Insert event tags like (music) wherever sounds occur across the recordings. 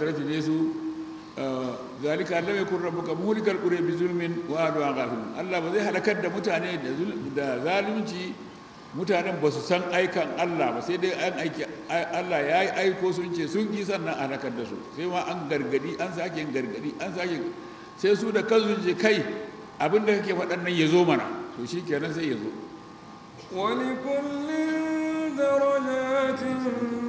daraja su zalika lam yakun rabbuka mulikal qura bi zulmin wa adu ghafilun Allah ba zai halakar da mutane da zalunci mutanen ba su san aikan Allah ba sai dai an aiki Allah ya yi aiko sun ce sun yi sannan a halakar da su sai ma an gargadi an sake gargadi an sake sai su da kansu ce kai abin da kake faɗan nan ya zo mana to shi kenan sai ya zo wani kullum darajatin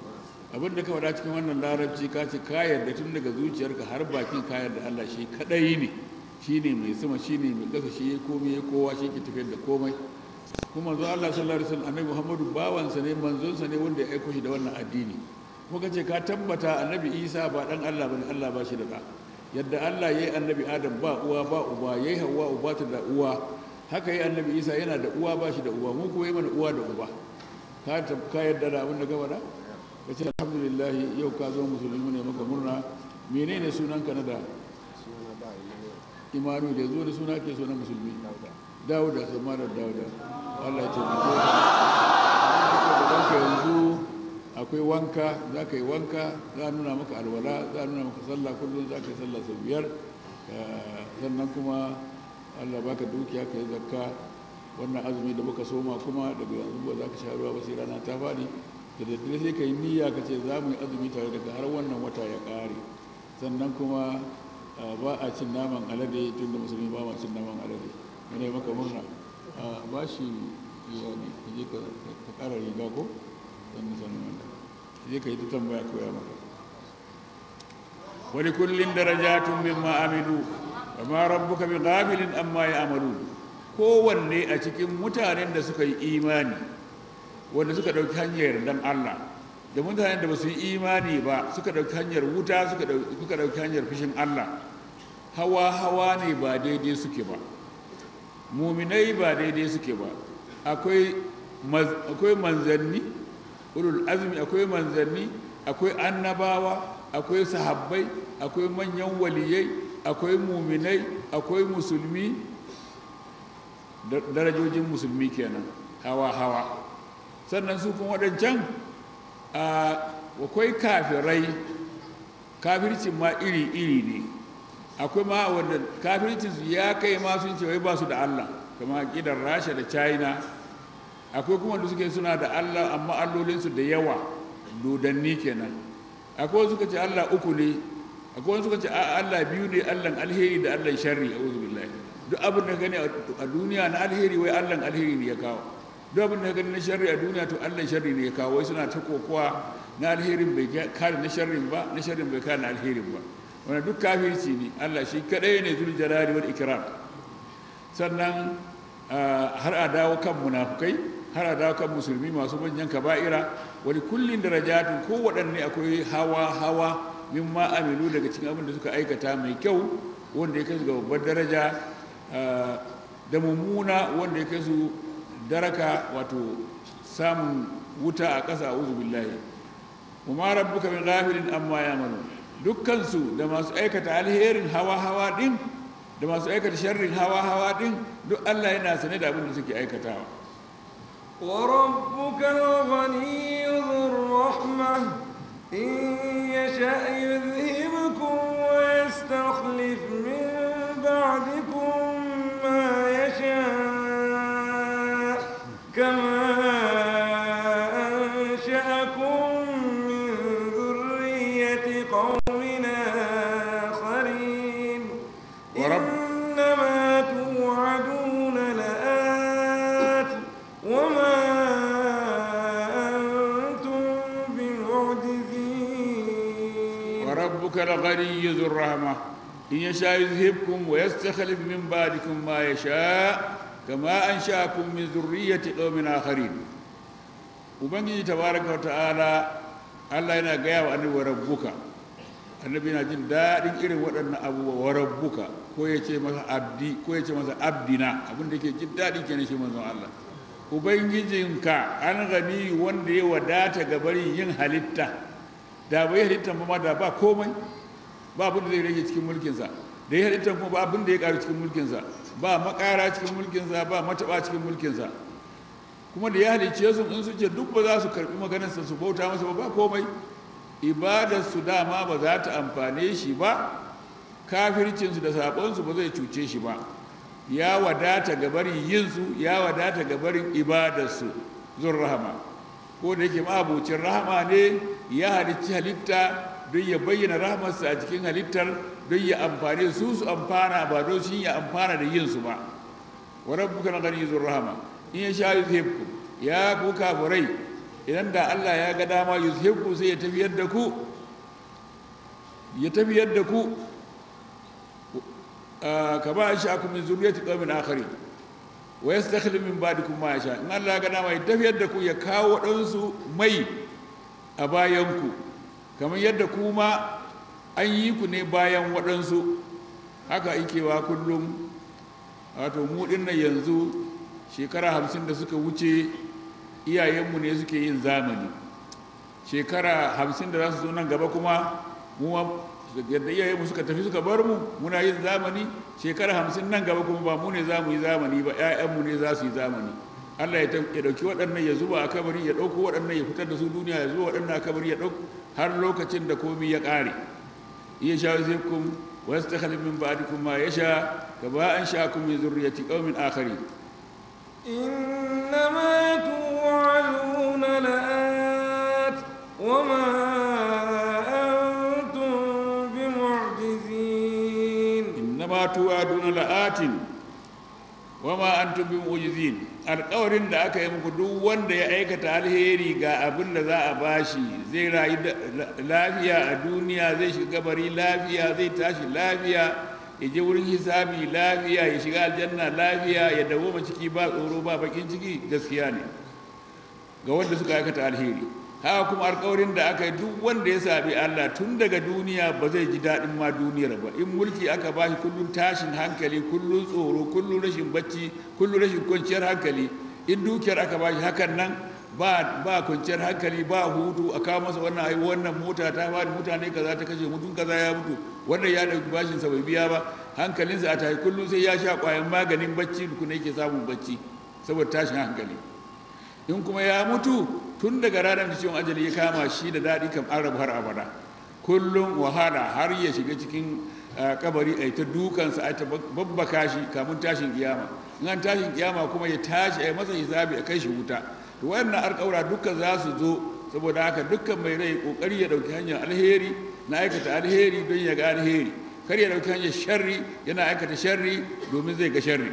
abin da ka faɗa cikin wannan larabci ka ce ka yarda tun daga zuciyarka har bakin ka yarda Allah shi kadai ne shi ne mai sama shi ne mai ƙasa shi ya komai ya kowa shi ke tafiyar da komai kuma zuwa Allah sallallahu alaihi wasallam annabi Muhammadu bawansa ne manzonsa ne wanda ya aiko shi da wannan addini kuma ka ce ka tabbata annabi Isa ba dan Allah bane Allah ba shi da ɗa yadda Allah yi annabi Adam ba uwa ba uba yi Hawwa uba ta da uwa haka yi annabi Isa yana da uwa ba shi da uba mu kuma yi mana uwa da uba ka ka yarda da abin da ka faɗa alhamdulillah yau ka zo musulmi ne maka murna menene sunanka na da imanu da zo da suna ke sunan musulmi dawuda sai mara dawuda allah ce da ke yanzu akwai wanka za ka yi wanka za a nuna maka alwala za a nuna maka sallah kullum za ka yi sallah sau biyar eh, sannan kuma allah baka dukiya ka yi zakka wannan azumi da muka soma kuma daga yanzu ba za ka sha ruwa ba sai rana ta fadi da daddare sai ka yi niyya ka ce za mu yi azumi tare daga har wannan wata ya kare sannan kuma ba a cin naman alade tun da musulmi ba ma cin naman alade wani ya maka murna ba shi wani je ka kara riga ko sannan sannan wanda je ka yi ta tambaya koya maka wani kullum darajatun min ma'amilu amma rabbuka bi ghafilin amma ya amalu kowanne a cikin mutanen da suka yi imani wanda suka ɗauki hanyar dan Allah da mutane da ba su yi imani ba suka ɗauki hanyar wuta suka ɗauki hanyar fushin Allah hawa hawa ne ba daidai suke ba muminai ba daidai suke ba akwai manzanni ulul azumi akwai manzanni akwai annabawa akwai sahabbai akwai manyan waliyai akwai muminai akwai musulmi darajojin musulmi kenan hawa hawa sannan su kuma waɗancan akwai kafirai kafircin ma iri-iri ne akwai ma wanda kafircin su ya kai ma sun ce wai ba su da allah kama gidan rasha da china akwai kuma wanda suke suna da allah amma allolinsu da yawa dodanni kenan akwai suka ce allah uku ne akwai wanda suka ce allah biyu ne allah alheri da allah sharri a duk abin da gani a duniya na alheri wai allah alheri ne ya kawo duk abin da gani na sharri a duniya to allah sharri ne ya kawo suna ta kokowa na alherin bai kare na sharrin ba na sharrin bai kare na alherin ba wanda duk kafirci ne allah shi kadai ne da jalali wal ikram sannan ah, har a dawo kan munafukai har a dawo kan musulmi masu manyan kaba'ira wani kullin darajatun ko waɗanne akwai hawa hawa min ma aminu daga cikin abin da suka aikata mai kyau wanda ya kai su ga babbar daraja ah, da mummuna wanda ya kai su daraka wato samun wuta a ƙasa a uzu billahi kuma rabbuka min ghafilin amma ya manu su da masu aikata alherin hawa hawa din da masu aikata sharrin hawa hawa din duk Allah yana sane da abin da suke aikatawa wa rabbuka al-ghani rahma in yasha yudhhibukum wa yastakhlif min ba'di الغني ذو الرحمة إن يشاء يذهبكم ويستخلف من بعدكم ما يشاء كما أنشأكم من ذرية gaya wa annabi wa rabbuka annabi yana jin daɗin irin waɗannan an gani wanda ya wadata ga barin yin halitta da bai halitta ma da ba komai ba abin da zai rage cikin mulkinsa da ya halitta kuma ba abin da ya karu cikin mulkinsa ba makara cikin mulkinsa ba mataba cikin mulkinsa kuma da ya halicce su in su ce duk ba za su karbi maganarsa su bauta masa ba komai ibadar su dama ba za ta amfane shi ba kafircinsu da sabonsu ba zai cuce shi ba ya wadata gabarin yinsu ya wadata gabarin ibadarsu zun rahama ko da yake ma'abucin rahama ne ya halicci halitta don ya bayyana rahamarsa a cikin halittar don ya amfani su su amfana ba don shi ya amfana da yinsu ba wa rabbuka na gani zuwa rahama in ya sha yuzhibku ya ku kafurai idan da Allah ya ga dama yuzhibku sai ya tafiyar da ku ya tafiyar da ku kama ya sha min zuriyati qaumin akharin wa yastakhlif min ba'dikum ma yasha in Allah ya ga dama ya tafiyar da ku ya kawo ɗansu mai a bayanku kamar yadda kuma an yi ku ne bayan waɗansu haka ikewa kullum wato mu na yanzu shekara hamsin da suka wuce iyayenmu ne suke yin zamani shekara hamsin da za su zo nan gaba kuma yadda iyayenmu suka tafi suka bar mu muna yin zamani shekara hamsin nan gaba kuma ba mu ne za mu yi zamani ba 'ya'yanmu ne za su yi zamani allah ya ɗauki waɗannan ya zuba a kabari ya ɗauko waɗannan ya fitar da su duniya ya zuba waɗannan a kabari ya ɗauko har lokacin da komi ya ƙare iya sha zai kun wasu ta halibin ba da kuma ya sha ka ba an sha kuma zurriyati ƙaumin akari إنما توعدون لآت وما أنتم بمعجزين إنما توعدون wama an tubi mu'jizin alƙawarin da aka yi muku duk wanda ya aikata alheri ga abin da za a bashi zai rayu lafiya a duniya zai shiga bari lafiya zai tashi lafiya ya je wurin hisabi lafiya ya shiga aljanna lafiya ya dawo ciki ba tsoro ba bakin ciki gaskiya ne ga wanda suka aikata alheri haka kuma alkawarin da aka yi duk wanda ya sabi Allah tun daga duniya ba zai ji daɗin ma duniyar ba in mulki aka ba shi kullum tashin hankali kullum tsoro kullum rashin bacci kullum rashin kwanciyar hankali in dukiyar aka ba shi hakan nan ba ba kwanciyar hankali ba hutu a kawo masa wannan ai wannan mota ta ba da mutane kaza ta kashe mutum kaza ya mutu wannan ya dauki bashin sa bai biya ba hankalinsa a tashi kullum sai ya sha kwayan maganin bacci ne yake samun bacci saboda tashin hankali in kuma ya mutu tun daga ranar da ciwon ajali ya kama shi da daɗi kan an rabu har abada kullum wahala har ya shiga cikin eh, kabari a ta dukansa a ta babba shi kamun tashin kiyama in an tashin kiyama kuma ya tashi a masa hisabi a kai shi wuta to wannan alƙawura dukkan za su zo saboda haka dukkan mai rai kokari ya dauki hanyar alheri na aikata alheri don ya ga alheri kar ya dauki hanyar sharri yana aikata sharri domin zai ga sharri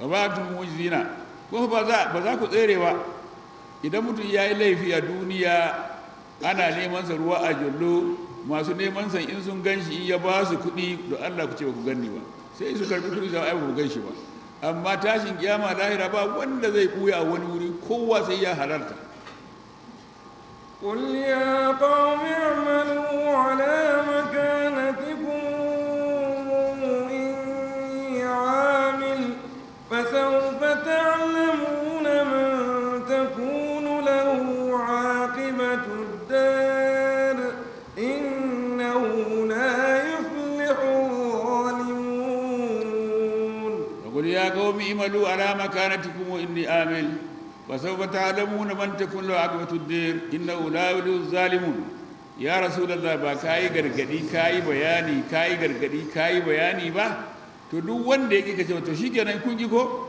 ba ba ta mujizina kuma ba za ku tserewa idan mutum ya yi laifi a duniya ana nemansa ruwa a jallo masu neman san in sun gan shi ya ba su kuɗi da allah ku ce ba ku ganni ba sai su karɓi kuɗi za a ba ku gan shi ba amma tashin kiyama lahira ba wanda zai ɓuya a wani wuri kowa sai ya halarta قل يا قوم اعملوا على مكان اعملوا على مكانتكم واني عامل وسوف تعلمون من تكون له عاقبه الدير انه لا يولي الظالمون ya rasulullah ba ka yi gargadi ka yi bayani ka yi gargadi ka yi bayani ba to duk wanda ya kika cewa to shi kenan kun ji ko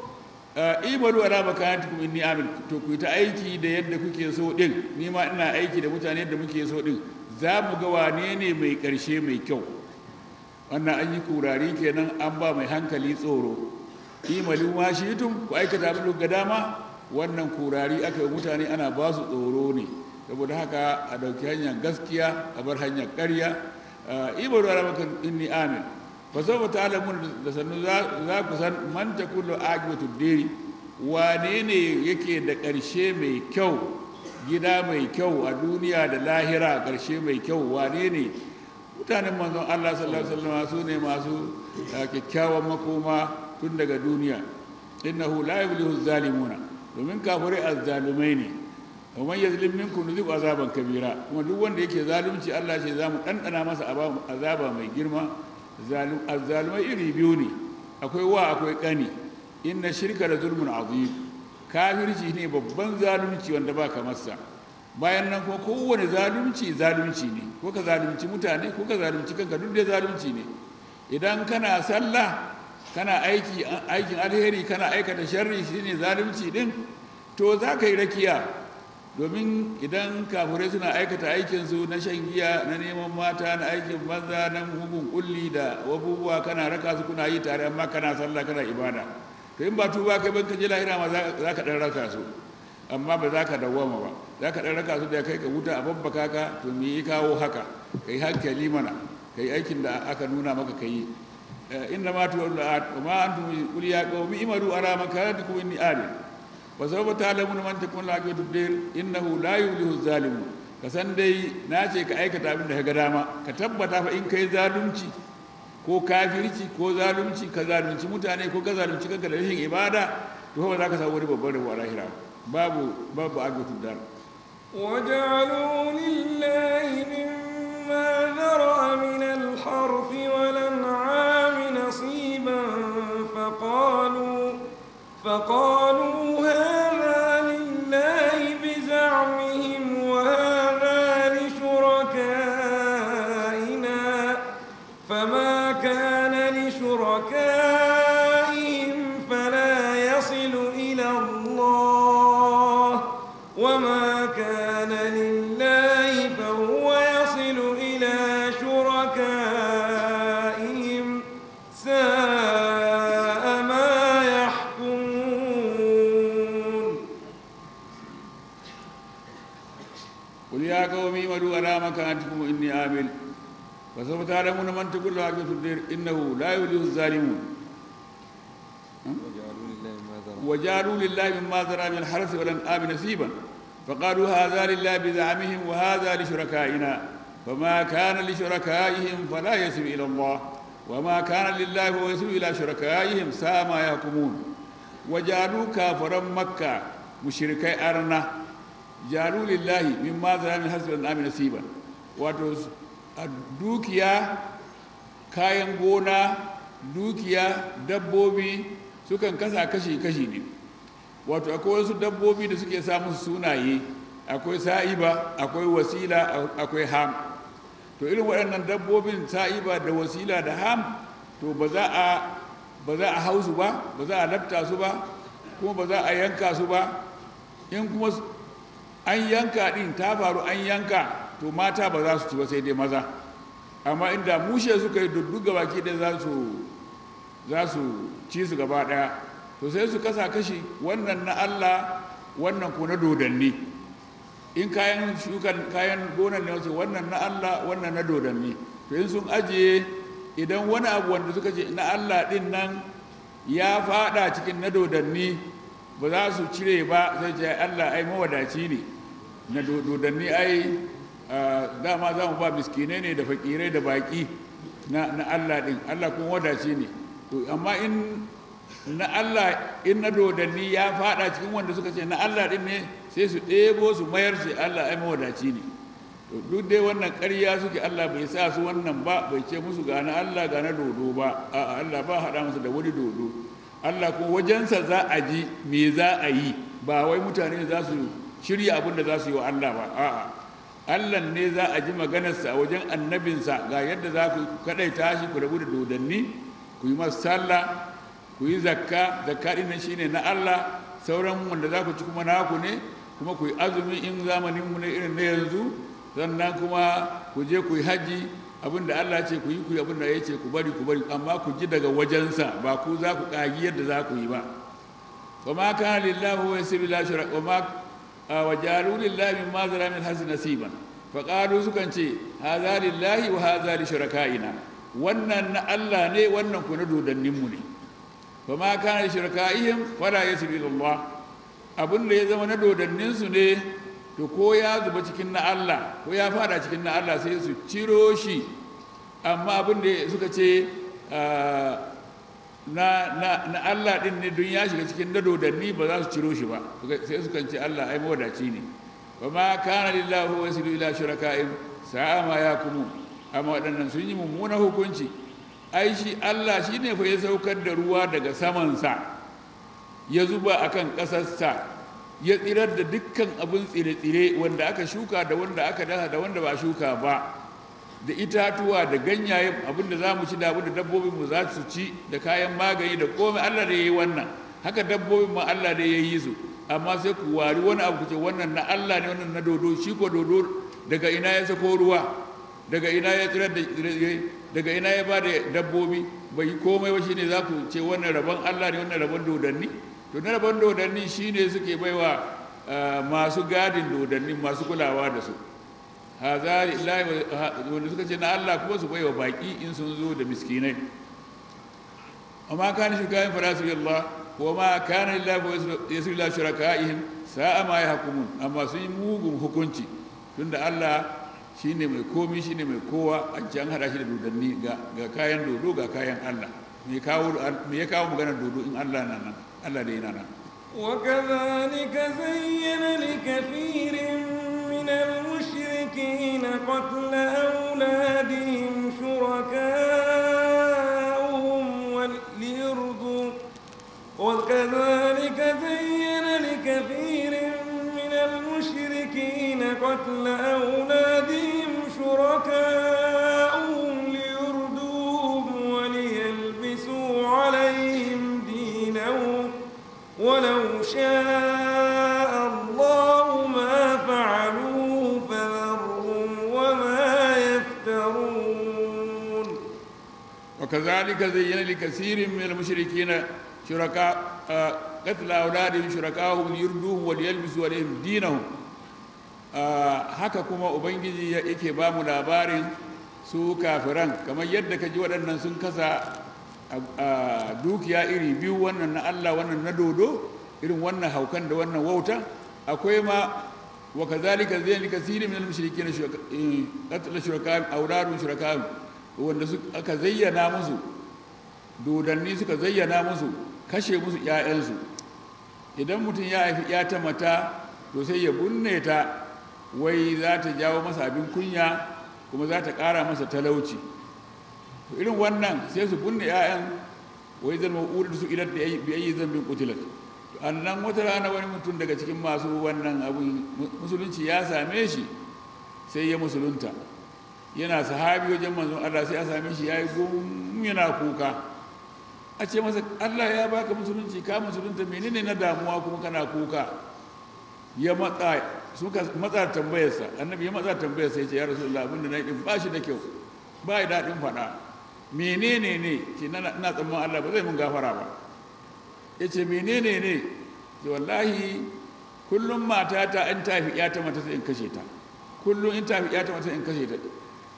imalu ala makanatikum inni amil to ku ta aiki da yadda kuke so din ni ma ina aiki da mutane da muke so din za mu ga wane ne mai karshe mai kyau wannan an yi kurari kenan an ba mai hankali tsoro imalu ma ku aikata abin ga dama wannan kurari aka yi mutane ana ba su tsoro ne saboda haka a ɗauki hanyar gaskiya a bar hanyar ƙarya imalu ala maka inni amin fa sau ta alamun da sannu za ku san manta kullum kullu aqibatu wane ne yake da ƙarshe mai kyau gida mai kyau a duniya da lahira ƙarshe mai kyau wane ne mutanen manzon Allah sallallahu alaihi wasallam ne masu eh, kyakkyawan makoma tun daga duniya innahu la yuflihu zalimuna domin kafirai azzalumai ne wa man yuzlim minkum nuzib azaban kabira kuma duk wanda yake zalunci Allah shi zamu dandana masa azaba mai girma zalim azzalumai iri biyu ne akwai wa akwai kani inna shirka da zulmun azim kafirci ne babban zalunci wanda ba kamar sa bayan nan kuma kowane zalunci zalunci ne ko ka zalunci mutane ko ka zalunci kanka duk da zalunci ne idan kana sallah kana aiki aikin alheri kana aikata sharri shine zalunci din to za ka yi rakiya domin idan kafurai suna aikata aikinsu na shan giya na neman mata na aikin maza na mugun kulli da abubuwa kana raka su kuna yi tare amma kana sallah kana ibada to in ba tuba kai ban je lahira ma za ka dan raka su amma ba za ka dawwama ba za ka dan raka su da kai ka wuta a babbaka ka to me ya kawo haka kai hankali mana kai aikin da aka nuna maka kai Eh, inna ma tuwaru la at ma antum qul ya qawmi imaru ara makanatikum inni ari wa sawfa ta'lamun man takun la qad dir innahu la yulihu zalim ka san dai na ce ka aikata abin da ka ga dama ka tabbata fa in kai zalunci ko kafirci ko zalunci ka zalunci mutane ko ka zalunci kanka da rashin ibada to kuma za ka samu wani babban rabo a lahira babu babu agatu dar وجعلوا لله مما ذرأ من الحرث والأنعام فقالوا فقالوا هذا لله بزعمهم وهذا لشركائنا فما كان لشركائنا عامل فسوف تعلمون من تقول له عاقبة الدير إنه لا يوليه الظالمون وجعلوا لله مما ذرى من الحرث والأنعام نصيبا فقالوا هذا لله بزعمهم وهذا لشركائنا فما كان لشركائهم فلا يسب إلى الله وما كان لله هو يسب إلى شركائهم ساء ما يحكمون وجعلوا كافرا مكة مشركي أرنا جعلوا لله مما ذرى من الحرث والأنعام نصيبا wato a dukiya kayan gona dukiya dabbobi sukan kasa kashi-kashi ne wato akwai wasu dabbobi da suke samun sunaye akwai sa'iba akwai wasila akwai ham to irin waɗannan dabbobin sa'iba da wasila da ham to ba za a ba za a hau su ba ba za a lafta su ba kuma ba za a yanka su ba in kuma an yanka ɗin ta faru an yanka to mata ba za su ci ba sai dai maza amma inda mushe suka yi dudduga baki da za su ci su gaba ɗaya to sai su kasa kashi wannan na allah wannan ko na dodanni in kayan shukan kayan gonan ne wace wannan na allah wannan na dodanni to in sun ajiye idan wani abu wanda suka ce na allah din nan ya faɗa cikin na dodanni ba za su cire ba sai ce allah ai mawadaci ne na dodanni ai dama za mu ba miskinai ne da fakirai da baƙi na allah ɗin allah kuma wadace ne to amma in na allah in na dodanni ya faɗa cikin wanda suka ce na allah ɗin ne sai su ɗebo su mayar su allah ai mawadaci ne to duk dai wannan ƙarya suke allah bai sa su wannan ba bai ce musu ga na allah ga na dodo ba a'a allah ba haɗa musu da wani dodo allah kuma wajensa za a ji me za a yi ba wai mutane za su shirya abin da za su yi wa allah ba a'a allah ne za a ji maganarsa a wajen annabinsa ga yadda za ku kaɗaita shi ku rabu da dodanni ku yi masu ku yi zakka zakka shi ne na allah sauran wanda za ku ci kuma naku ne kuma ku yi azumi in zamanin mu ne irin na yanzu sannan kuma ku je ku yi haji abin da Allah ce ku yi ku yi abin da ya ce ku bari ku bari amma ku ji daga wajensa ba ku za ku kagi yadda za ku yi ba wa ma kana lillahi wa yasiru wa jalu lillahi mimma zara min hazi nasiban fa qalu sukan ce hadha lillahi wa hadha li shurakaina wannan na Allah ne wannan ku na dodannin mu ne fa ma kana shurakaihim wala yasbi Allah Abun da ya zama na dodannin su ne to ko ya zuba cikin na Allah ko ya fada cikin na Allah sai su ciro shi amma abun da suka ce na Allah din ne don ya shiga cikin dadodanni ba za su ciro shi ba sai sukan ce Allah ai mawadaci ne ba ma kana lillahi wa yasilu ila shuraka'im sa'a ma amma waɗannan sun yi mummunan hukunci ai shi Allah shi ne fa ya saukar da ruwa daga saman sa, ya zuba akan ƙasarsa ya tsirar da dukkan abun tsire-tsire wanda aka shuka da wanda aka dasa da wanda ba shuka ba da itatuwa da ganyaye abin da za mu ci da abin da dabbobin mu za su ci da kayan magani da komai Allah da ya yi wannan haka dabbobin ma Allah da ya yi su amma sai ku wari wani abu ku ce wannan na Allah ne wannan na dodo shi ko dodo daga ina ya sako ruwa daga ina ya tsira da daga ina ya ba da dabbobi bai yi komai ba shi ne za ku ce wannan rabon Allah ne wannan rabon dodanni to na rabon dodanni shi ne suke baiwa eh, masu gadin dodanni masu kulawa da su hazari lai wanda suka ce na Allah kuma su baiwa baki in sun zo da miskinai amma shi shirkayin farasu yallah ko ma kana lillahi yasir la shuraka'ihim sa'a ma yahkumun amma sun yi mugun hukunci tunda Allah shine mai komi shine mai kowa a can hada shi da dodanni ga kayan dodo ga kayan Allah me ya kawo maganar dodo in Allah na nan Allah da yana nan وكذلك زين لكثير من المشركين قتل أولادهم شركاؤهم وليرضوا وكذلك زين لكثير من المشركين قتل أولادهم شركاؤهم ليردوهم وليلبسوا عليهم دينهم ولو شاء وكذلك زين لكثير من المشركين شركاء قتل أولادهم شركاءهم ليردوهم وليلبسوا عليهم دينهم haka kuma ubangiji yake ba mu labarin su kafiran kamar yadda ka ji waɗannan sun kasa dukiya iri biyu wannan na allah wannan na dodo irin wannan haukan da wannan wauta akwai ma wa kazalika zai ni kasiri min al-mushrikin shuraka awladun shuraka wanda aka zayyana musu dodanni suka zayyana musu kashe musu 'ya'yansu idan mutum ya haifi ya ta mata to sai ya bunne ta wai za ta jawo masa abin kunya kuma za ta ƙara masa talauci irin wannan sai su bunne 'ya'yan wai zan ma'urar su idan da bi ayi zambin kutilat annan wata rana wani mutum daga cikin masu wannan abin musulunci ya same shi sai ya musulunta yana sahabi wajen manzon Allah sai a same shi yayi gum yana kuka a ce masa Allah ya baka musulunci ka musulunta menene na damuwa kuma kana kuka ya matsa suka matsa tambayarsa annabi ya matsa tambayarsa ya ce ya rasulullah abinda na yi ba shi da kyau ba ya daɗin faɗa menene ne ce na tsamman Allah ba zai mun gafara ba ya ce menene ne ce wallahi kullum matata in tafi ya ta mata sai in kashe ta kullum in tafi ya ta mata sai in kashe ta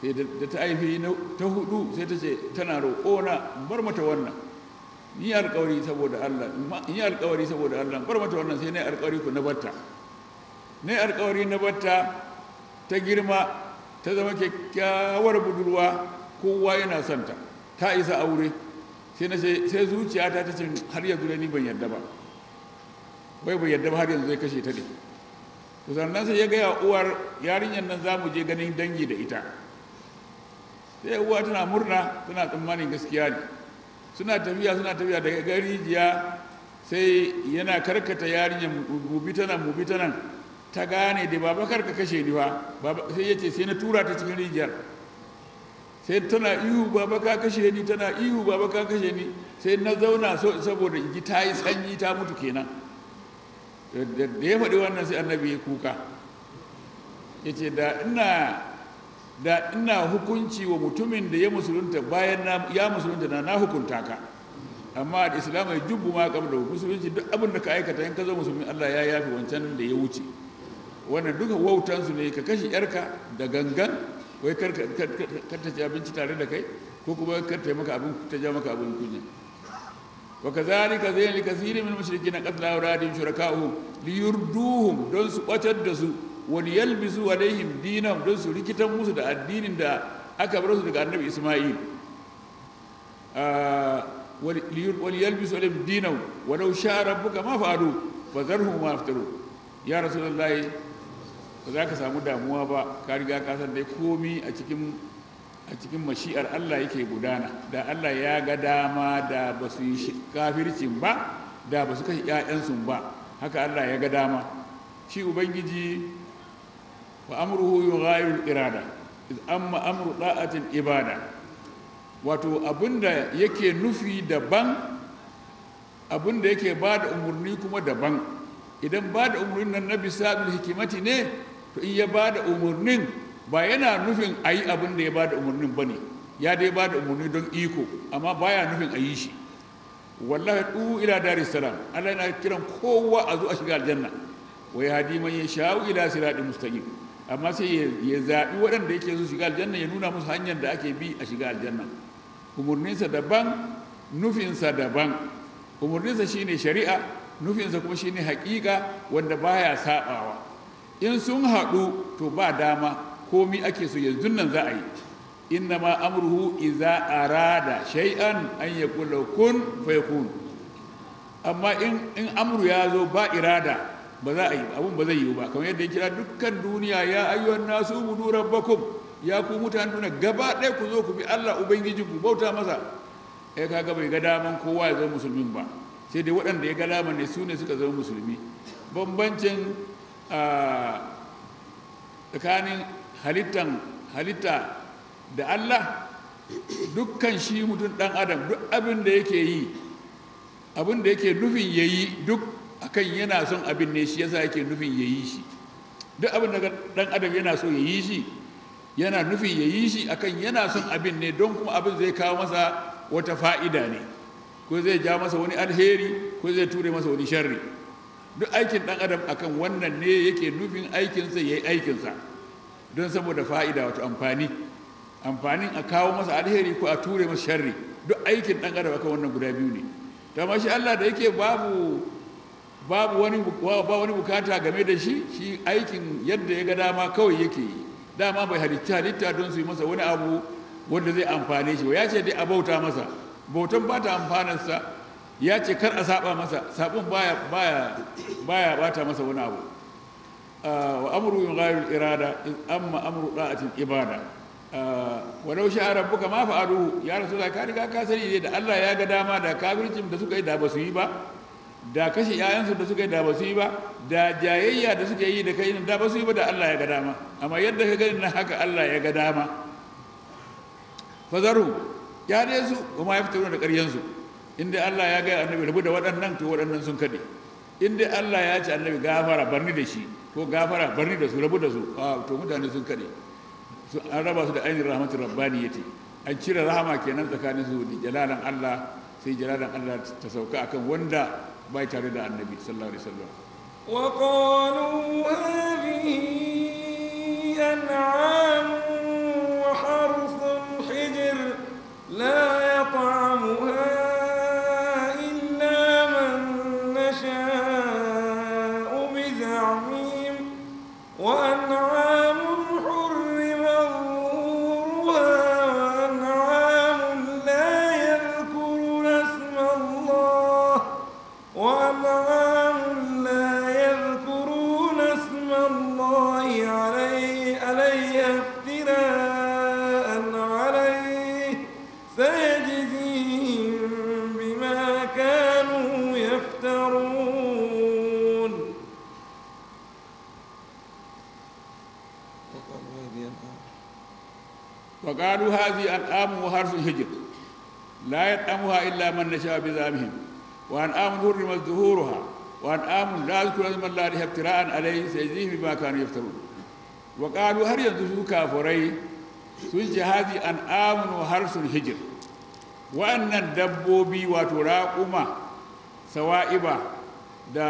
sai da ta haifi ta hudu sai ta ce tana roƙo na bar mata wannan ni alƙawari saboda Allah in alƙawari saboda Allah bar mata wannan sai na alƙawari ku na batta na alƙawari na batta ta girma ta zama kyakkyawar budurwa kowa yana son ta ta isa aure sai na sai zuciya ta ce har yanzu ni ban yadda ba bai ban yadda ba har yanzu zai kashe ta ne sannan sai ya gaya uwar yarinyar nan za je ganin dangi da ita sai uwa tana murna tana tsammanin gaskiya ne suna tafiya suna tafiya daga garijiya sai yana karkata yarinya mubi ta nan mubi ta nan ta gane da baba karka kashe ni sai ya ce sai na tura ta cikin rijiyar sai tana ihu baba ka kashe ni tana ihu baba ka kashe ni sai na zauna saboda ji ta yi sanyi ta mutu kenan da ya faɗi wannan sai annabi ya kuka ya ce da ina da ina hukunci wa mutumin da ya musulunta bayan ya musulunta na na hukunta ka amma da islam ya jubbu ma kamar da musulunci duk abin da ka aikata in ka zo musulmi Allah ya yafi wancan da ya wuce wannan duka wautansu ne ka kashe yarka da gangan wai kar ta ci abinci tare da kai ko kuma kar ta maka abin ta ja maka abin kunya wa kazalika zayyana likasiri min mushrikin qatla awradihim shuraka'uhum liyurduhum don su kwatar da su wani yalbisu yin dinam don su rikitan musu da addinin da aka bar su daga annabi isma'il wani yalbisu yin dinam wadau sha buka ma ba fa hu ma aftaru ya layi ba za ka samu damuwa ba ka riga ka san dai komi a cikin a cikin mashi'ar Allah yake gudana da Allah ya ga dama da ba su yi kafircin ba da ba su kashe 'ya'yansu ba haka Allah ya ga dama shi ubangiji wa amruhu yughayirul irada iz amma amru ibada wato abinda yake nufi daban abinda yake ba da umarni kuma daban idan ba da umarni nan na bisa hikimati ne to in ya ba da umarnin ba yana nufin a yi ya ba da umarnin ba ne ya dai ba da umarni don iko amma baya nufin a yi shi wallahi du ila daris salam Allah yana kiran kowa a zo a shiga aljanna wa yahdi man yasha'u ila siratin mustaqim amma sai ya zaɓi waɗanda yake su shiga aljanna ya nuna musu hanyar da ake bi a shiga aljanna umarninsa daban nufinsa daban umarninsa shine shari'a nufinsa kuma shine haƙiƙa wanda baya saɓawa in sun haɗu to ba dama komi ake so yanzu nan za a yi ma amurhu iza arada shay'an an yaqulu kun amma in in amru ya zo ba irada ba za a yi abun ba zai yiwu ba kamar yadda ya kira dukkan duniya ya ayyuan nasu budu rabbakum ya ku mutane duniya gaba ɗaya ku zo ku bi Allah ubangiji ku bauta masa ya eh, ka gaba bai ga daman kowa ya zama musulmin ba sai dai waɗanda ya ga daman ne su ne suka zama musulmi bambancin tsakanin halittan halitta da Allah dukkan shi mutum ɗan adam duk abin da yake yi abin da yake nufin ya yi duk akan yana son abin ne shi yasa yake nufin ya yi shi duk abin da dan adam yana so ya yi shi yana nufin ya yi shi akan yana son abin ne don kuma abin zai kawo masa wata fa'ida ne ko zai ja masa wani alheri ko zai ture masa wani sharri duk aikin dan adam akan wannan ne yake nufin aikinsa ya yi aikinsa don saboda fa'ida wato amfani amfanin a kawo masa alheri ko a ture masa sharri duk aikin dan adam akan wannan guda biyu ne ta mashi allah da yake babu babu wani ba wani bukata game da shi shi aikin yadda ya ga dama kawai yake yi dama bai halitta halitta don su yi masa wani abu wanda zai amfane shi ya ce dai a bauta masa bautan ba ta amfanarsa ya ce kar a saba masa sabon baya baya baya bata masa wani abu ah, wa amru yin ghayril irada amma amru da'atin ibada ah, walau a rabbuka ma fa'adu ya rasu ka riga ka sani ne da Allah ya ga dama da kafircin da suka yi da ba su yi ba da kashe 'ya'yansu da suka yi da ba su yi ba da jayayya da suke yi da kai da ba su yi ba da Allah ya ga dama amma yadda ka gani na haka Allah ya ga dama fazaru ya ne su kuma ya fitar da ƙaryansu inda Allah ya gaya annabi rubu da waɗannan to waɗannan sun kaɗe inda Allah ya ce annabi gafara barni da shi ko gafara barni da su rabu da su to mutane sun kaɗe an raba su da ainihin rahmatin yace an cire rahama kenan tsakanin su da jalalan Allah sai jalalan Allah ta sauka akan wanda bai tare da annabi sallallahu alaihi wasallam wa qalu hadhihi an'am wa الذي أنعام وحرث الهجر لا يطعمها إلا من نشاء بزعمهم وأنعام حرمت ظهورها وأنعام لا يذكر اسم الله عليها افتراء عليه سيجزيهم بما كانوا يفترون وقالوا هل ينزلوا كافرين سنجي هذه أنعام وحرث الهجر وأن دبوبي وتراقما سوائبا دا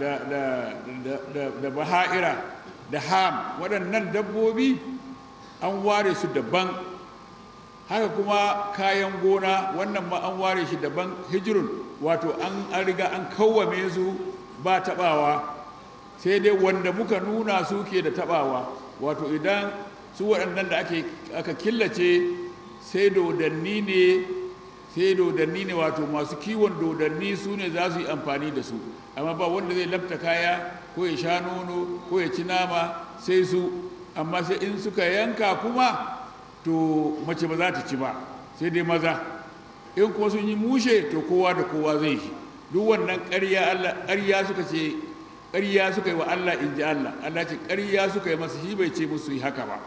دا دا دا دا دا da دا حام dabbobi an ware su daban haka kuma kayan gona wannan ma an ware shi daban hijirun wato an riga an kawwame su ba taɓawa sai dai wanda muka nuna su ke da taɓawa wato idan su waɗannan da aka killace sai dodanni ne sai dodanni ne wato masu kiwon dodanni su ne za su yi amfani da su amma ba wanda zai lafta kaya ko ya sha nono ko ya ci nama sai su amma sai in suka yanka kuma to mace ba za ta ci ba sai dai maza in kuma sun yi mushe to kowa da kowa zai yi. duk wannan ƙarya suka ce ƙarya suka yi wa Allah in ji Allah Allah ce ƙarya suka yi masa shi bai ce musu yi haka ba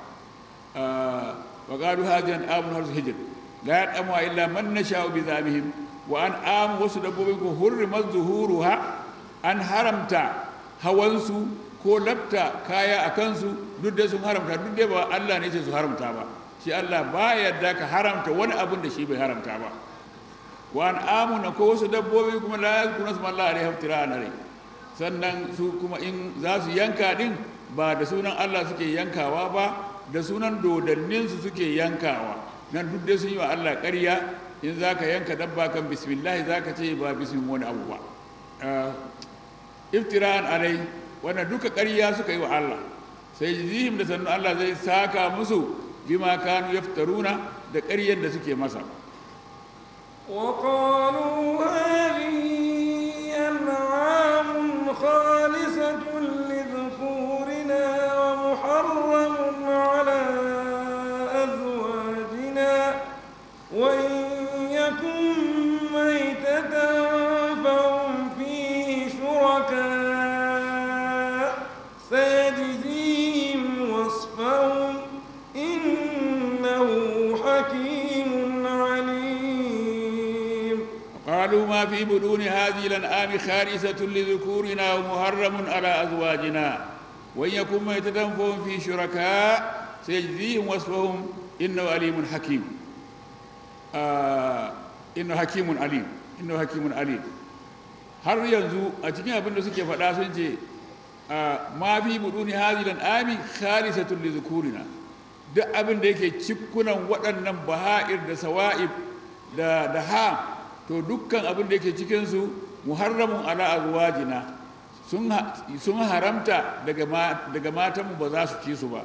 ah, wa Haji hajjan amun har su hijir la ya ɗamu a illa man na sha'u bi zamihim wa an amu wasu dabbobi ko hurrimar zuhuru ha an haramta hawansu ko labta kaya a kansu duk da sun haramta duk da ba Allah ne ce su haramta ba shi Allah ba yadda ka haramta wani abun da shi bai haramta ba wa an amuna ko wasu dabbobi kuma la yazkuruna sama Allah alaihi haftira alai sannan su kuma in za su yanka din ba da sunan Allah suke yankawa ba da sunan dodannin su suke yankawa nan duk dai sun yi wa Allah ƙarya in za ka yanka dabba kan bismillah za ka ce ba bismin wani abu ba an ah, alai wannan duka ƙarya suka yi wa Allah sai jihim da sannan Allah zai saka musu bima kanu yaftaruna da ƙaryar da suke masa وقالوا الأنعام خالصة لذكورنا ومحرم على أزواجنا وإن يكن ميتة فهم في شركاء سيجزيهم وصفهم إنه أليم حكيم آه إنه حكيم عليم إنه حكيم عليم har yanzu a cikin abin da suke faɗa sun ce ma fi buduni hazilan ami duk abin da yake cikunan waɗannan baha'ir da sawa'ib da da ha to dukkan abin da yake cikinsu muharramun ala azwajina sun haramta daga matanmu ba za su ci su ba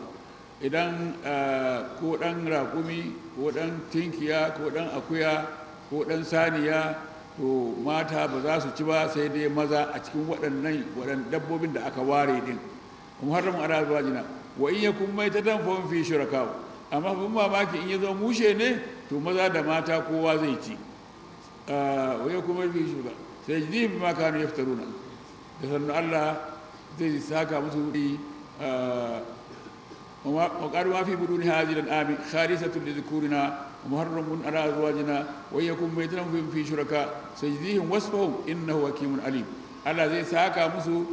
idan eh, ko ɗan rakumi ko ɗan tinkiya ko ɗan akuya ko ɗan saniya to mata ba za su ci ba sai dai maza a cikin waɗannan waɗannan dabbobin da aka ware din muharram ala azwajina wa in yakun maitatan fa hum fi shuraka amma ba mamaki in ya mushe ne to maza da mata kowa zai ci eh, wa yakun fi shurakaw سيجديهم بما كانوا يفترون لأن الله زي ساكا مسؤولي آه وقالوا ما في بدون هذه الأنعام خالصة لذكورنا ومحرم على أزواجنا وإن يكن ميتنا في شركاء سيجزيهم وصفهم إنه حكيم عليم الله زي ساكا مسو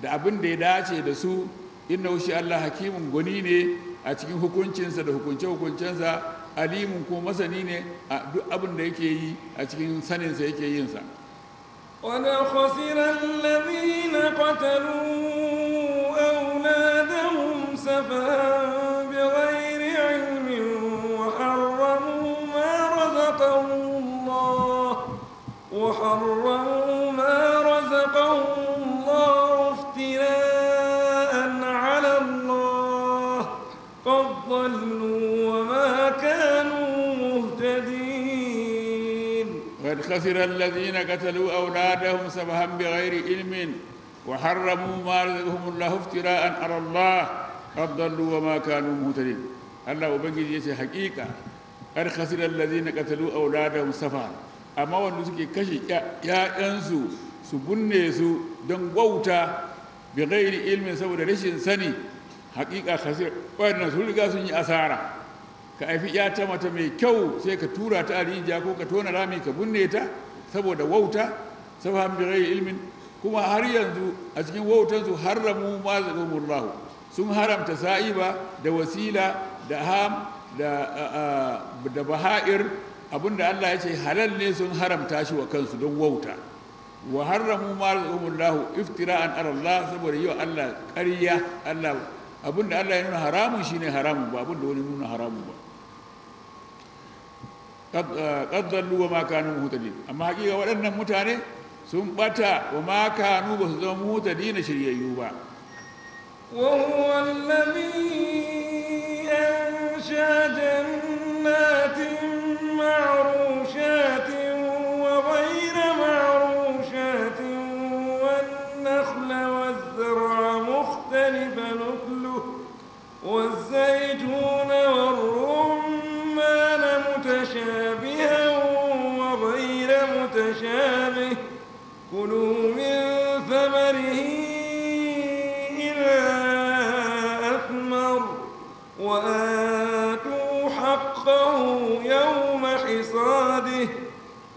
da abin da ya dace da su inna shi Allah hakimun gwani ne a cikin hukuncinsa da hukunce-hukuncensa alimun ko masani ne a duk abin da yake yi a cikin saninsa yake yinsa قد خسر الذين قتلوا أولادهم سفها بغير علم وحرموا ما رزقهم الله وحرموا قد خسر الذين قتلوا أولادهم سبها بغير علم وحرموا ما رزقهم الله افتراء على الله قد ضلوا وما كانوا مهتدين الله أبنجي يسي حقيقة قد خسر الذين قتلوا أولادهم سفها أما ونسكي كشي يا أنسو سبنيسو دن ووتا بغير علم سوى رشن سني حقيقة خسر وأن سلقا سني أسارة ka haifi ya ta mata mai kyau sai ka tura ta a rijiya ko ka tona rami ka binne ta saboda wauta sabhan bi ghairi ilmin kuma har yanzu a cikin wautan su haramu ma zakumullahu sun haramta sa'iba da wasila da ham da baha'ir abinda Allah ya ce halal ne sun haramta shi wa kansu don wauta wa haramu ma zakumullahu iftira'an ala Allah saboda yi Allah ƙarya Allah abinda Allah ya nuna haramun shine haramun ba abinda wani nuna haramun ba آه، قد ضلوا وما كانوا مهتدين اما حقيقه ولن متاني ثم بتا وما كانوا بهزم مهتدين شري ايوبا وهو الذي انشا جنات معروشات وغير معروشات والنخل والزرع مختلف نخله والزيت كلوا من ثمره إلى أثمر وآتوا حقه يوم حصاده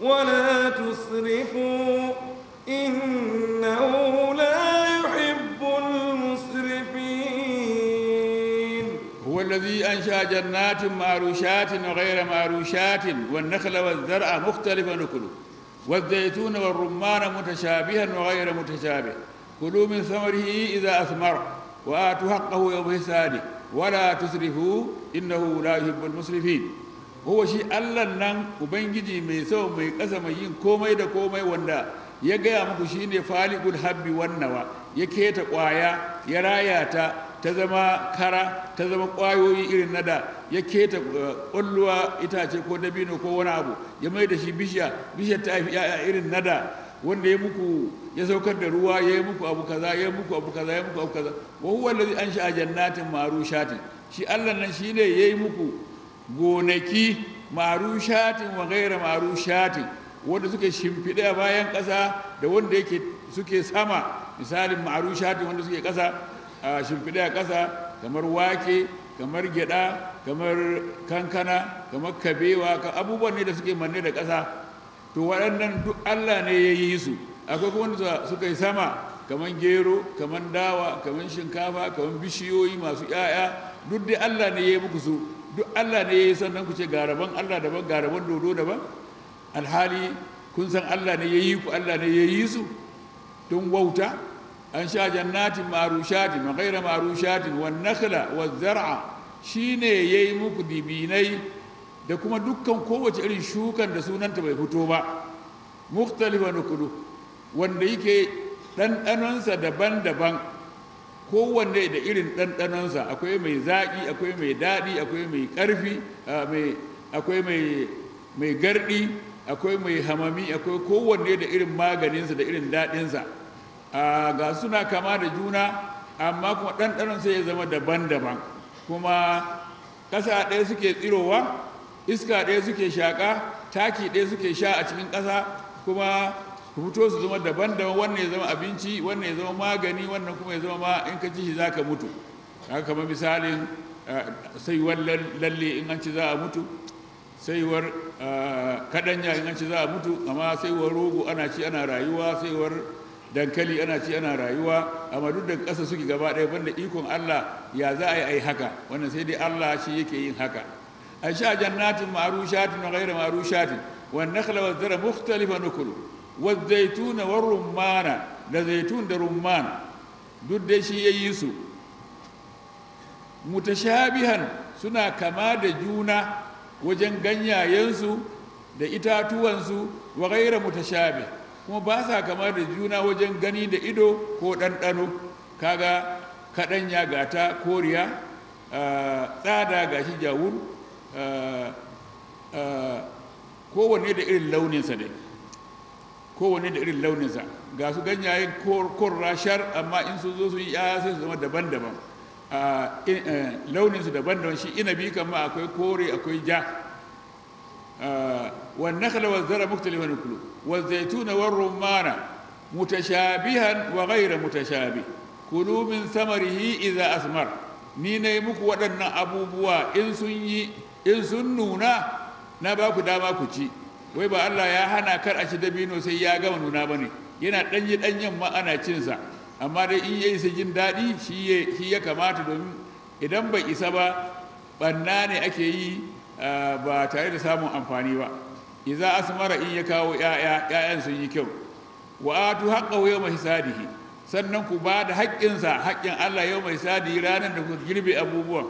ولا تسرفوا إنه لا يحب المسرفين هو الذي أنشأ جنات معروشات وغير معروشات والنخل والزرع مختلفا نكله والزيتون والرمان متشابها وغير متشابه كلوا من ثمره إذا أثمر وآتوا حقه يوم حساده ولا تسرفوا إنه لا يحب المسرفين هو شيء الله نان وبنجي مي سو مي قسم yin komai da komai wanda ya gaya muku shine falikul habbi wannawa ya keta kwaya ya raya ta ta zama kara ta zama kwayoyi irin na da ya keta eh, ƙwalluwa itace ko dabino ko wani abu ya mai da shi bishiya bishiyar ta haifi ya'ya irin na da wanda ya muku ya saukar da ruwa ya yi muku abu kaza ya yi muku abu kaza ya yi muku abu kaza wa huwa allazi a jannatin shatin shi Allah nan ya yi muku gonaki shatin wa gaira maru shatin wanda suke shimfiɗe a bayan ƙasa da wanda yake suke sama misalin shatin wanda suke ƙasa a shimfiɗe a ƙasa kamar wake kamar gyaɗa kamar kankana kamar kabewa abubuwan ne da suke manne da ƙasa to waɗannan duk allah ne ya yi su akwai kuma wanda suka yi sama kamar gero kamar dawa kamar shinkafa kamar bishiyoyi masu 'ya'ya duk dai allah ne ya yi muku su duk allah ne ya yi sannan ku ce garaban allah daban garaban dodo daban alhali kun san allah ne ya yi ku allah ne ya yi su tun wauta an sha jannatin marushatin wa ghaira marushatin wa nakhla wa zar'a shine yayi muku dibinai da kuma dukkan kowace irin shukan da sunanta bai fito ba mukhtalifan ukulu wanda yake ɗanɗanonsa daban-daban kowanne da irin ɗanɗanonsa akwai mai zaƙi akwai mai daɗi akwai mai ƙarfi akwai mai garɗi akwai mai hamami akwai kowanne da irin maganinsa da irin daɗinsa ga suna kama da juna amma kuma ɗanɗanon sai ya zama daban-daban kuma ƙasa ɗaya suke tsirowa iska ɗaya suke shaƙa taki ɗaya suke sha a cikin ƙasa kuma fito su zama daban-daban wannan ya zama abinci wannan ya zama magani wannan kuma ya zama ma in ka ci shi za ka mutu haka kamar misalin saiwar lalle in an ci za a mutu saiwar kaɗanya in an ci za a mutu amma saiwar rogo ana ci ana rayuwa saiwar dankali ana ci ana rayuwa amma duk da ƙasa suke gaba ɗaya banda ikon Allah ya za a yi haka wannan sai dai Allah shi yake yin haka a sha jannatin ma'arushatin wa ghayra ma'arushatin wan nakhla wa zara mukhtalifa nukulu wa zaituna wa rummana da zaitun da rumman duk dai shi yayi su mutashabihan suna kama da juna wajen ganyayensu da itatuwansu wa ghayra mutashabih kuma ba sa kama da juna wajen gani da ido ko ɗanɗano kaga kaɗanya gata koriya tsada ga shi jawun kowane da irin launinsa ne kowane da irin launinsa ga su ganyayen korra shar amma in sun zo su yi yaya sai su zama daban-daban e, launinsu daban-daban shi inabi kama akwai kore akwai ja wannan kalawar zara muktalifan kulu والزيتون والرمان متشابها وغير متشابه كلوا من ثمره إذا أثمر نين يمك ودن أبو بوا إن سني إن سنونا نباك داما كتي ويبا الله يا هنا كر أشدبينو سياغا ونونا بني yana ɗanye ɗanyen ma ana cinsa amma dai in ya isa jin daɗi shi ya kamata domin idan bai isa ba ɓanna ne ake yi ba amfani ba Iza asmara in ya kawo ya'ya ya'yan sun yi kyau wa atu haqqahu yawma hisadihi sannan ku ba da haƙƙinsa haƙƙin Allah yawma hisadihi ranar da ku girbe abubuwan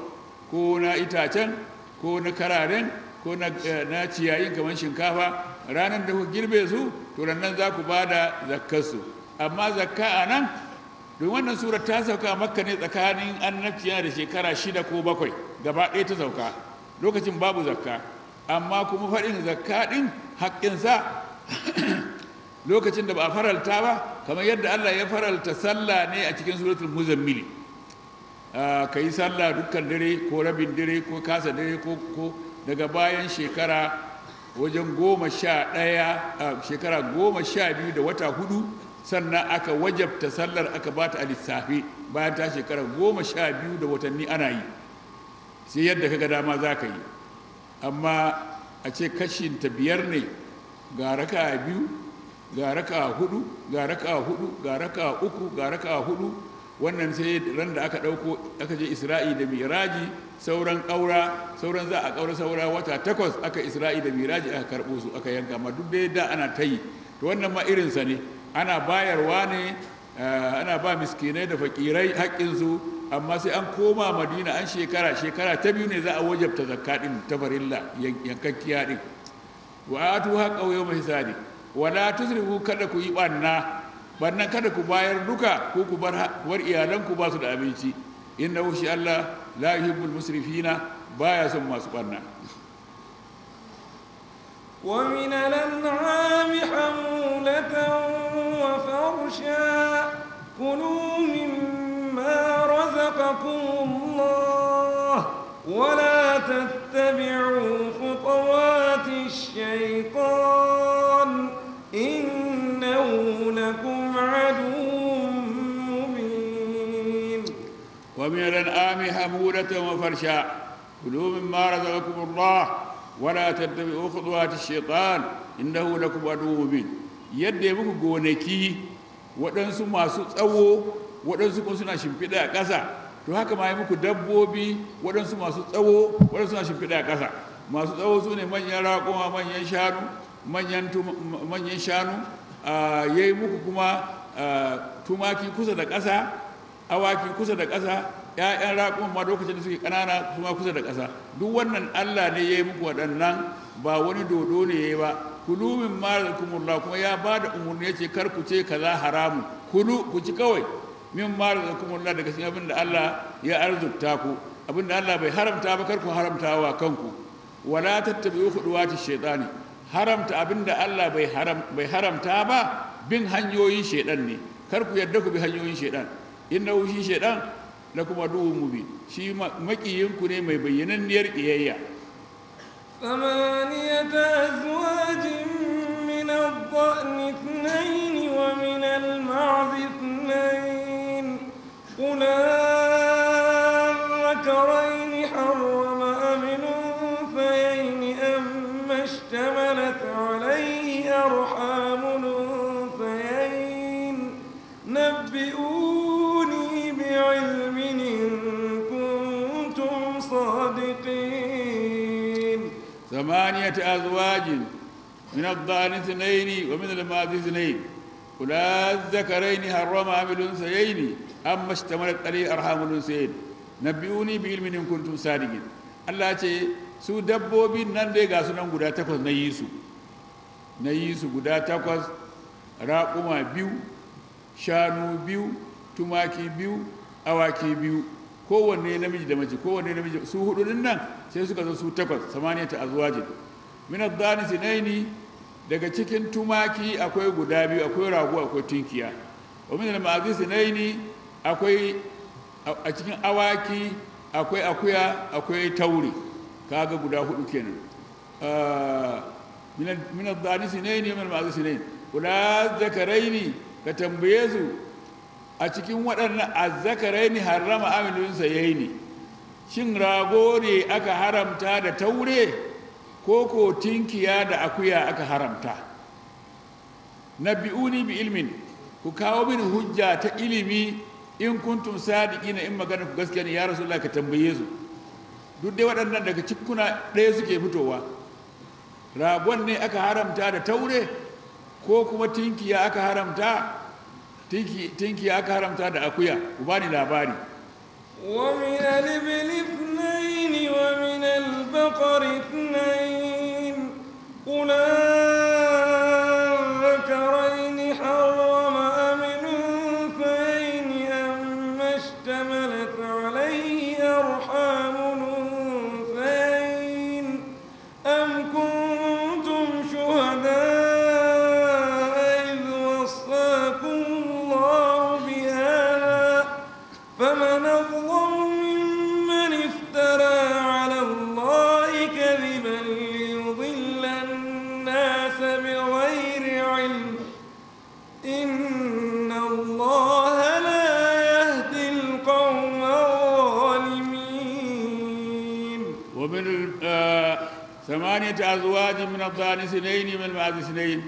ko na itacen ko na kararen ko na eh, ciyayin kamar shinkafa ranar da ku girbe su to nan za ku ba da zakkarsu amma zakka anan, nan don wannan sura ta sauka makka ne tsakanin annabciya da shekara shida ko bakwai gaba ɗaya ta sauka lokacin babu zakka amma kuma faɗin zakka ɗin haƙƙinsa (clears throat) lokacin da ba a faralta ba kamar yadda Allah ya faralta sallah ne a cikin suratul muzammil ka yi sallah dukkan dare ko rabin dare ko kasa dare ko daga bayan shekara wajen goma sha ɗaya shekara goma sha biyu da wata hudu sannan aka wajabta sallar aka ba ta a lissafi bayan ta shekara goma sha biyu da watanni ana yi sai yadda kaga dama za ka yi amma a ce kashinta biyar ne ga raka biyu ga raka hudu ga raka hudu ga raka uku ga raka hudu wannan sai ran da aka dauko aka je isra'i da miraji sauran ƙaura sauran za a ƙaura saura wata takwas aka isra'i da miraji aka karɓo su aka yanka ma duk dai da ana ta yi to wannan ma irinsa ne ana bayarwa ne eh, ana ba miskinai da fakirai haƙƙinsu amma sai an koma madina an shekara shekara ta biyu ne za a wajabta zakka din ta farilla yankakkiya din wa atu haqqahu yawma hisadi wa la tusrifu kada ku yi banna bannan kada ku bayar duka ko ku bar war iyalanku ba su da abinci innahu shi Allah la yuhibbul musrifina baya son masu banna ومن الأنعام حمولة وفرشا كلوا مما رزقكم الله ولا تتبعوا خطوات الشيطان إنه لكم عدو مبين ومن الأنعام حمولة وفرشا كلوا مما رزقكم الله ولا تتبعوا خطوات الشيطان إنه لكم عدو مبين yadda ya muku gonaki waɗansu masu tsawo waɗansu kuma suna shimfiɗa a ƙasa to haka ma yi muku dabbobi waɗansu masu tsawo waɗansu suna shimfiɗa a ƙasa masu tsawo su ne manyan raƙuma manyan shanu manyan shanu ya yi muku kuma tumaki kusa da ƙasa awaki kusa da ƙasa ‘ya'yan raƙon ma lokacin da suke ƙanana kuma kusa da ƙasa duk wannan allah ne ya yi muku waɗannan ba wani dodo ne ya yi ba kulu min mara kuma ya ba da umarni ya ce kar ku ce kaza haramu kulu ku ci kawai min da kuma razaqakumullah daga cikin abin Allah ya arzuta ku abinda Allah bai haramta ba kar ku haramta wa kanku wala tattabi'u khuduwati shaytani haramta abinda da Allah bai haram bai haramta ba bin hanyoyin shaytan ne kar ku yadda ku bi hanyoyin shaytan innahu shi shaytan kuma mu mubin shi makiyin ku ne mai bayyananniyar min ثمانية أزواج من الضأن اثنين ومن المعز اثنين ذكرين حرم اشتملت عليه أرحام نبئوني بعلم إن كنتم صادقين ثمانية أزواج من الضأن اثنين ومن الماضي اثنين kula الذكرين حرم عمل سيين أما اشتملت عليه أرحام سيين نبئوني بعلم إن كنتم صادقين Allah ce su dabbobin nan dai ga sunan guda takwas na yi su na yi su guda takwas raƙuma biyu shanu biyu tumaki biyu awaki biyu kowanne namiji da mace kowanne namiji su hudu nan sai suka zo su takwas samaniya ta azwajin min ad-dani sinaini daga cikin tumaki akwai guda biyu akwai rago akwai tinkiya wani min al sinai sinaini akwai a cikin awaki akwai akuya akwai tauri kaga guda hudu kenan ah, min al-dhani sinaini min al-ma'azi guda zakarai ne ka tambaye su a cikin waɗannan a harama azzakaraini ya yi ne shin rago ne aka haramta da taure ko ko tinkiya da akuya aka haramta bi'uni bi ilmin ku kawo min hujja ta ilimi in kuntum na in magana ku gaskiya ne ya rasulullah ka tambaye su duk dai waɗannan daga cikuna ɗaya suke fitowa ragon ne aka haramta da taure ko kuma tinkiya aka haramta tinkiya aka haramta da akuya ku bani labari ومن الابل اثنين البقر اثنين قلان ثمانية أزواج من الضان سنين من المعز سنين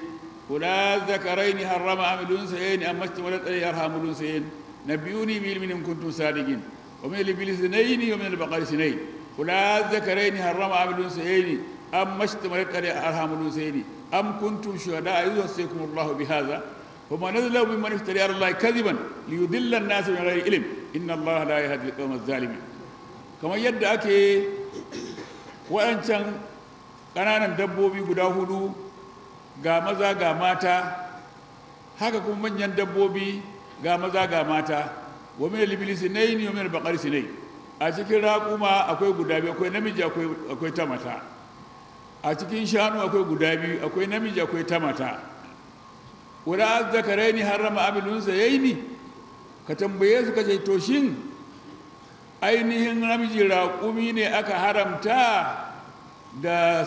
ولا ذكرين حرم أم الأنثيين أم اشتملت عليه أرحام الأنثيين نبئوني بيل إن كنتم صادقين ومن الإبل سنين ومن البقر سنين ولا ذكرين حرم أم الأنثيين أم اشتملت عليه أرحام الأنثيين أم كنتم شهداء يوصيكم الله بهذا وما نزل ممن افتري على الله كذبا ليضل الناس من غير علم إن الله لا يهدي القوم الظالمين كما يدعك وأنت ƙananan dabbobi guda hudu ga maza ga mata haka kuma manyan dabbobi ga maza ga mata wa min al-iblis nayn wa mai al-baqari a cikin raƙuma akwai guda biyu akwai namiji akwai ta mata a cikin shanu akwai guda biyu akwai namiji akwai ta mata wala azzakaraini harrama abilun ni? ka tambaye su kace to shin ainihin namiji raƙumi ne aka haramta da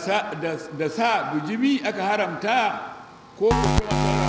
sa bijimi aka haramta ko kuma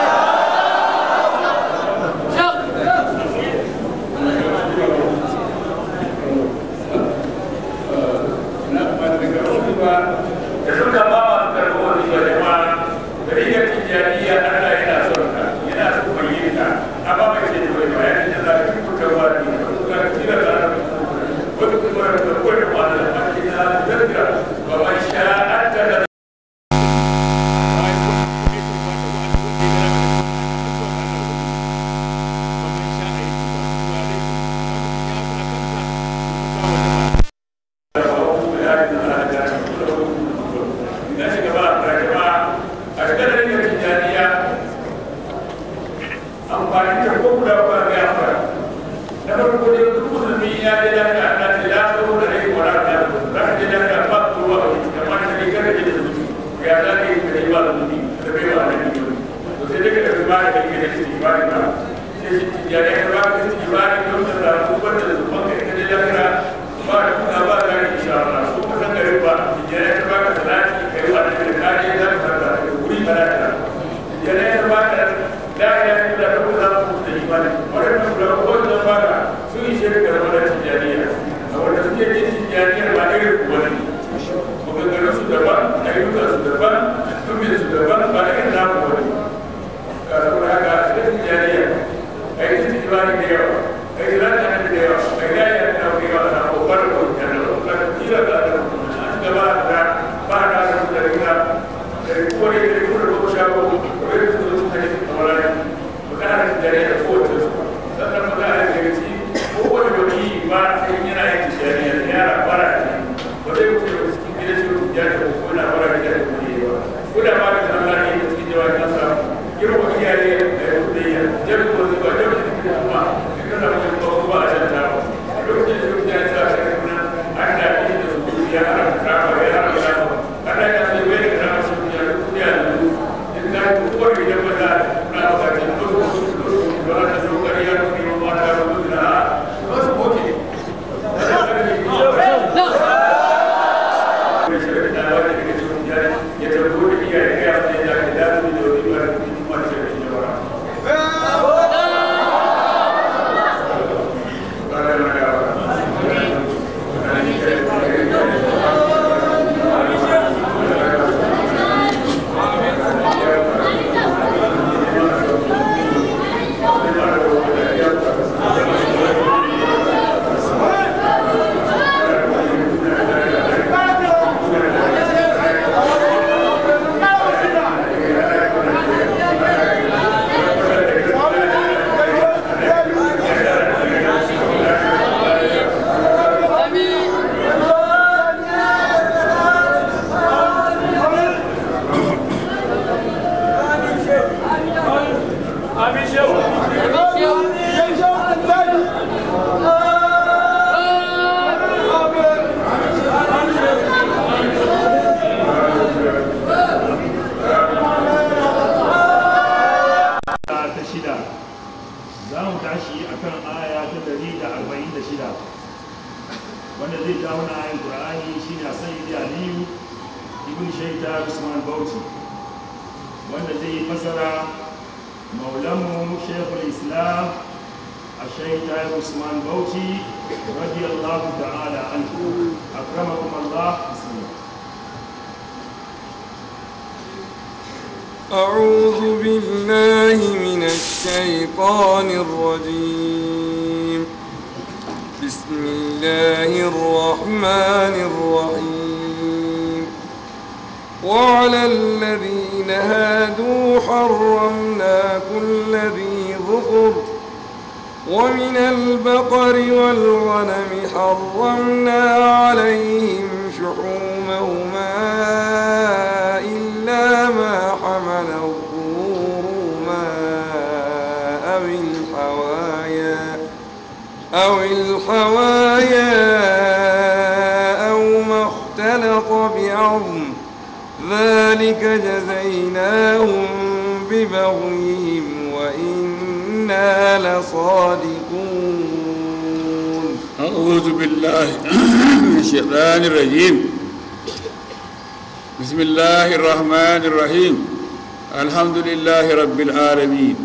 لله رب العالمين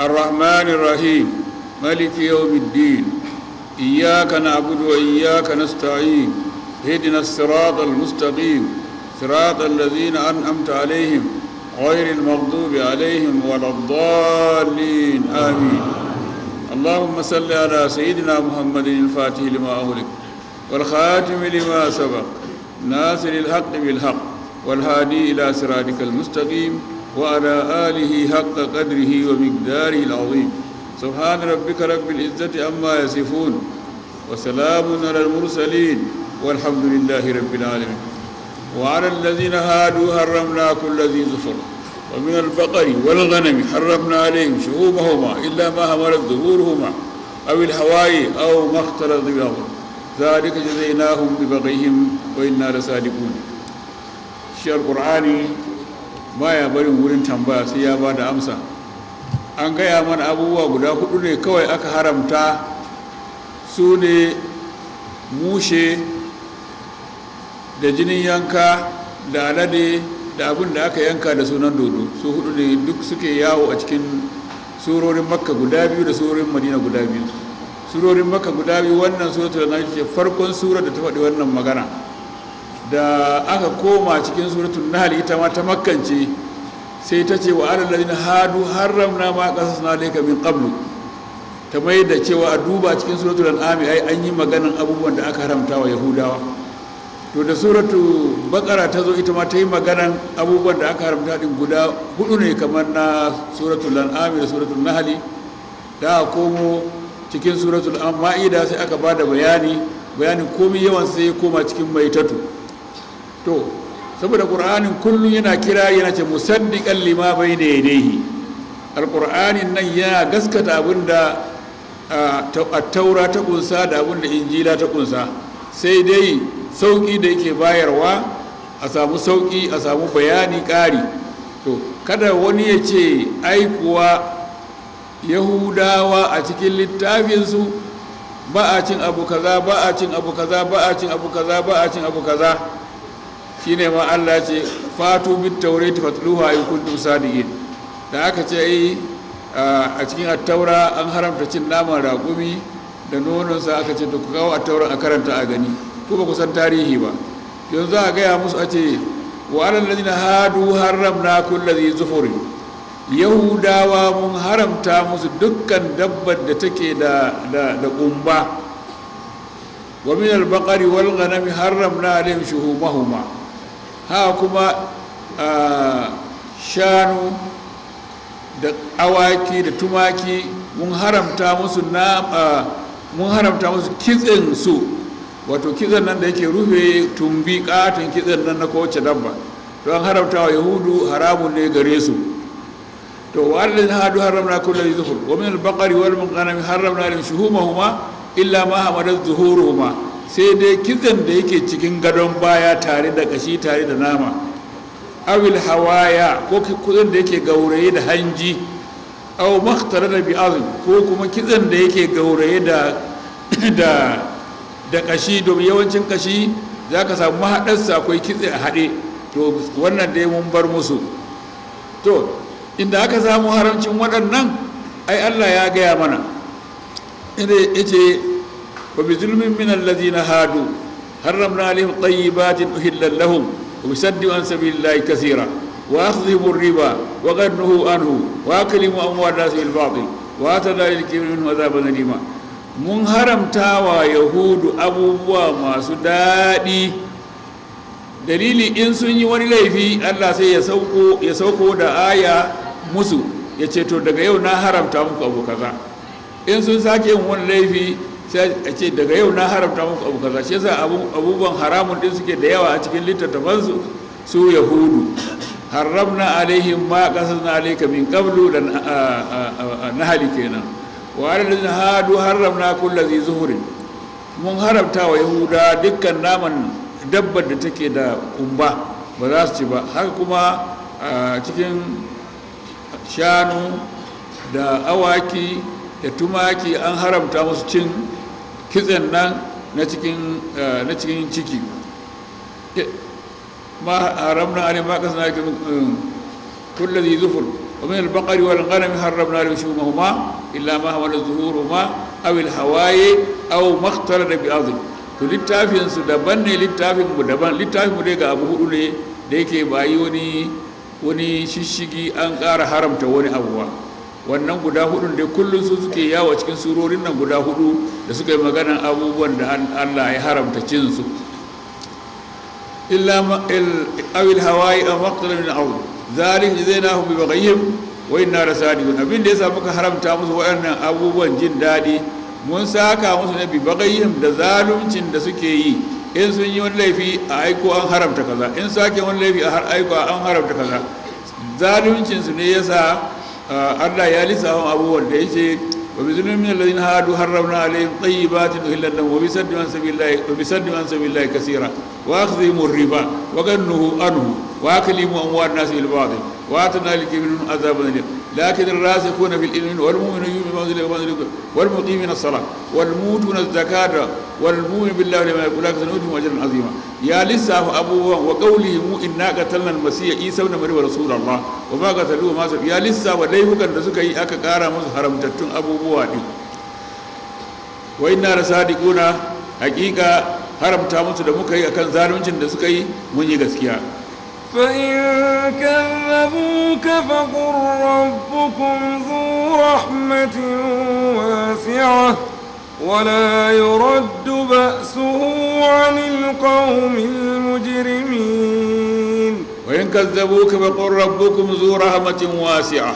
الرحمن الرحيم ملك يوم الدين إياك نعبد وإياك نستعين اهدنا الصراط المستقيم صراط الذين أنعمت عليهم غير المغضوب عليهم ولا الضالين آمين اللهم صل على سيدنا محمد الفاتح لما أغلق والخاتم لما سبق ناصر الحق بالحق والهادي إلى صراطك المستقيم وعلى آله حق قدره ومقداره العظيم سبحان ربك رب العزة عما يصفون وسلام على المرسلين والحمد لله رب العالمين وعلى الذين هادوا حرمنا كل ذي زفر ومن البقر والغنم حرمنا عليهم شعوبهما إلا ما همرت ظهورهما أو الهواي أو ما اختلط بالأمر ذلك جزيناهم ببغيهم وإنا لصادقون الشيء القرآني baya barin wurin tambaya sai ya ba da amsa an gaya mana abubuwa guda hudu ne kawai aka haramta su ne mushe da jinin yanka da alade da abin da aka yanka da sunan dodo su hudu ne duk suke yawo a cikin surorin makka guda biyu da surorin madina guda biyu surorin makka guda biyu wannan surorin da na farkon surar da ta faɗi wannan magana da aka koma cikin suratun Nahali ita ma ta makance, sai ta ce wa alal ladina hadu haramna ma qasasna alayka min qablu ta mai da cewa a duba cikin suratul an'am ai an yi maganan abubuwan da aka haramta wa yahudawa to da suratu bakara ta zo ita ma ta yi maganan abubuwan da aka haramta din guda hudu ne kamar na suratul an'am da suratul Nahali. da komo cikin suratul ma'ida sai aka bada bayani bayanin komai yawan sai ya koma cikin maitatu to saboda ƙur'anin kullum yana kira yana ce musaddiƙan lima bai da yadaihi nan yana gaskata abin da taura ta ƙunsa da abin da injila ta kunsa sai dai sauƙi da yake bayarwa a samu sauƙi a samu bayani ƙari to kada wani ya ce aikuwa yahudawa a cikin littafinsu ba a cin abu kaza ba a cin abu kaza ba a cin abu kaza ba a cin abu kaza shine ma Allah ce fatu bit tawrati fatluha in kuntum sadiqin da aka ce ai a cikin attaura an haramta cin naman raƙumi da nononsa aka ce da ku kawo attaura a karanta a gani ko ba ku tarihi ba yanzu a gaya musu a ce wa alal ladina hadu haramna kulli zufurin yahudawa mun haramta musu dukkan dabbar da take da da da kumba wa min al-baqari wal ghanami haramna alaihim shuhumahuma ha kuma shanu da awaki da tumaki mun haramta musu mun haramta musu kitsin su wato kitsin nan da yake rufe tumbi katon kitsin nan na kowace dabba don haramta wa yahudu haramun ne gare su to wa'adin hadu haramna kullum zuhur wa min al-baqari wal munqanami haramna lim shuhumahuma illa ma hamadat zuhuruhuma sai dai kitsen da yake cikin gadon baya tare da kashi tare da nama awil hawaya ko kitsen da yake gauraye da hanji aw makhtara da bi'azm ko kuma kitsen da yake gauraye (coughs) da kashi domin yawancin kashi za ka samu mahaɗarsa akwai kitse a haɗe to wannan dai mun bar musu to inda aka samu haramcin waɗannan ai Allah ya gaya mana ya ce. وبظلم من الذين هادوا حرمنا عليهم طيبات أحلا لهم وبسدوا عن سبيل الله كثيرا وأخذهم الربا وغنه عنه وأكلموا أموال الناس بالباطل وأتنا للكبير منهم عذابا أليما mun haramta wa yahudu abubuwa masu daɗi dalili in sun yi wani laifi allah sai ya sauko da aya musu ya ce to daga yau na haramta muku abu in sun sake yin wani laifi sai a ce daga yau na haramta muku abu kaza shi yasa abubuwan haramun din suke da yawa a cikin littattafansu su yahudu harramna alaihim ma na alayka min qablu dan nahali kenan wa alladhina hadu harramna kula dhi zuhurin mun haramta wa yahuda dukkan naman dabbar da take da kumba ba za su ci ba haka kuma cikin shanu da awaki da tumaki an haramta musu cin kitsen nan na cikin eh, ciki ma haramna alim ma kasna eh, kullu dhi zufur wa min al-baqari wal ghanami haramna alim shumahuma illa ma hawala zuhuruma aw al-hawaye aw ma ikhtalata bi ardh to littafin su daban ne littafin mu daban littafin mu dai ga abu hudu ne da yake bayi wani wani shishigi an ƙara haramta wani abuwa wannan guda hudun dai kullun su suke yawo cikin surorin nan guda hudu da suka yi maganan abubuwan da allah ya haramta cin cinsu awil hawaii a maktalar min abu zalin zai na hu bi bakayyim wa inna da sadiqun abin da yasa muka haramta musu waɗannan abubuwan jin daɗi mun saka musu na bi bakayyim da zaluncin da suke yi in sun yi wani laifi a aiko an haramta kaza in sake wani laifi a har aiko an haramta kaza su ne yasa allah ya lissafin abubuwan da ya ce وبذل من الذين هادوا حرمنا عليهم طيبات الا لهم وبسد عن سبيل الله وبسد عن سبيل الله كثيرا واخذهم الربا وغنه عنه واكلهم اموال الناس بالباطل واتنا للكبيرين عذابا اليم لكن الراسخون في العلم والمؤمنون بما انزل وما انزل والمقيمين الصلاه والموتون الزكاه والمؤمن بالله لما يقول لك سنؤتهم اجرا عظيما يا لسه ابوه وقولهم انا قتلنا المسيح عيسى بن مريم ورسول الله وما قتلوه ما سب يا لسه وليفكن da suka yi aka kara musu haramtattun abubuwa din wa inna rasadiquna haqiqa haramta musu da muka yi akan zaluncin da suka yi mun yi gaskiya فإن كذبوك فقل ربكم ذو رحمة واسعة ولا يرد بأسه عن القوم المجرمين وإن كذبوك فقل ربكم ذو رحمة واسعة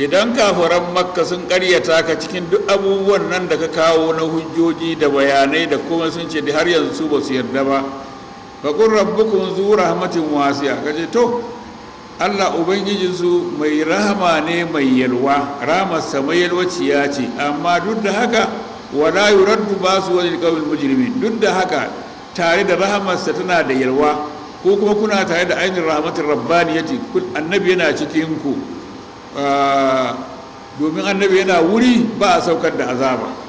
idan kafiran makka sun karyata ka cikin duk abubuwan nan da ka kawo na hujjoji da bayanai da kuma sun ce da har yanzu su ba su yarda ba faƙun rabbukun zu rahmatin wasiya ka to allah ubangijinsu mai rahama ne mai yalwa ramarsa mai ya ce amma duk da haka wala ba su wani kawin mujirmi duk da haka tare da rahamarsa tana da yalwa ko kuma kuna tare da ainihin ya ce annabi yana cikin ku ah, domin annabi yana wuri ba a saukar da azaba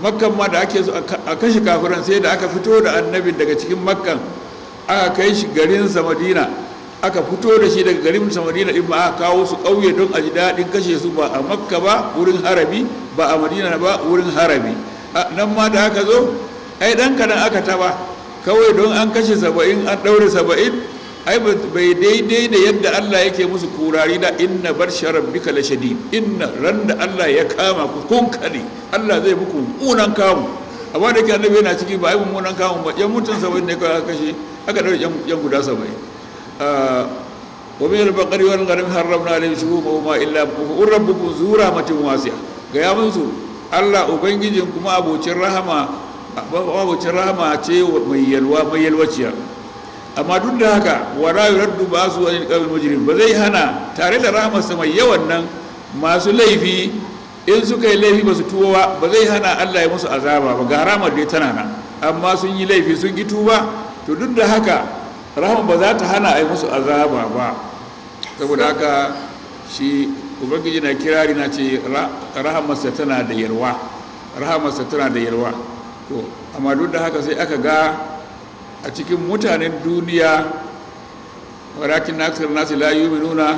makkan ma da ake so a kashe kafiran sai da aka fito da annabin daga cikin makkan aka kai shi garinsa madina aka fito da shi daga garin madina in ma aka kawo su ƙauye don a ji daɗin kashe su ba a makka ba wurin harami ba a madina ba wurin harami nan ma da aka zo ai ɗan kaɗan aka taɓa kawai don an kashe saba'in an ɗaure saba'in ai bai daidai da yadda Allah yake musu kurari da inna barsha rabbika la shadid inna ran da Allah ya kama ku kun kare Allah zai muku munan kamu amma da ke annabi yana ciki ba ai munan kamu ba yan mutun sabai ne ka kashe aka dauke yan guda saba'in ah, wa min al baqari wal gharim harramna alayhi shuhuma wa illa rabbukum zura matin wasi'a ga ya musu Allah ubangijin kuma abocin rahama abocin rahama ce mai yalwa mai yalwaciya amma duk da haka wala raddu ba su wani mujirin ba zai hana tare da rahamarsa mai yawan nan masu laifi in suka yi laifi ba su tuwa ba zai hana allah ya musu azaba ba ga ramar ya tana na amma sun yi laifi sun yi tuba to duk da haka rahama ba za ta hana a yi musu azaba ba saboda haka shi ubangiji na kirari na ce rahamarsa tana da yarwa rahamarsa tana da yarwa to amma duk da haka sai aka ga a cikin mutanen duniya walakin aksar nasu la nuna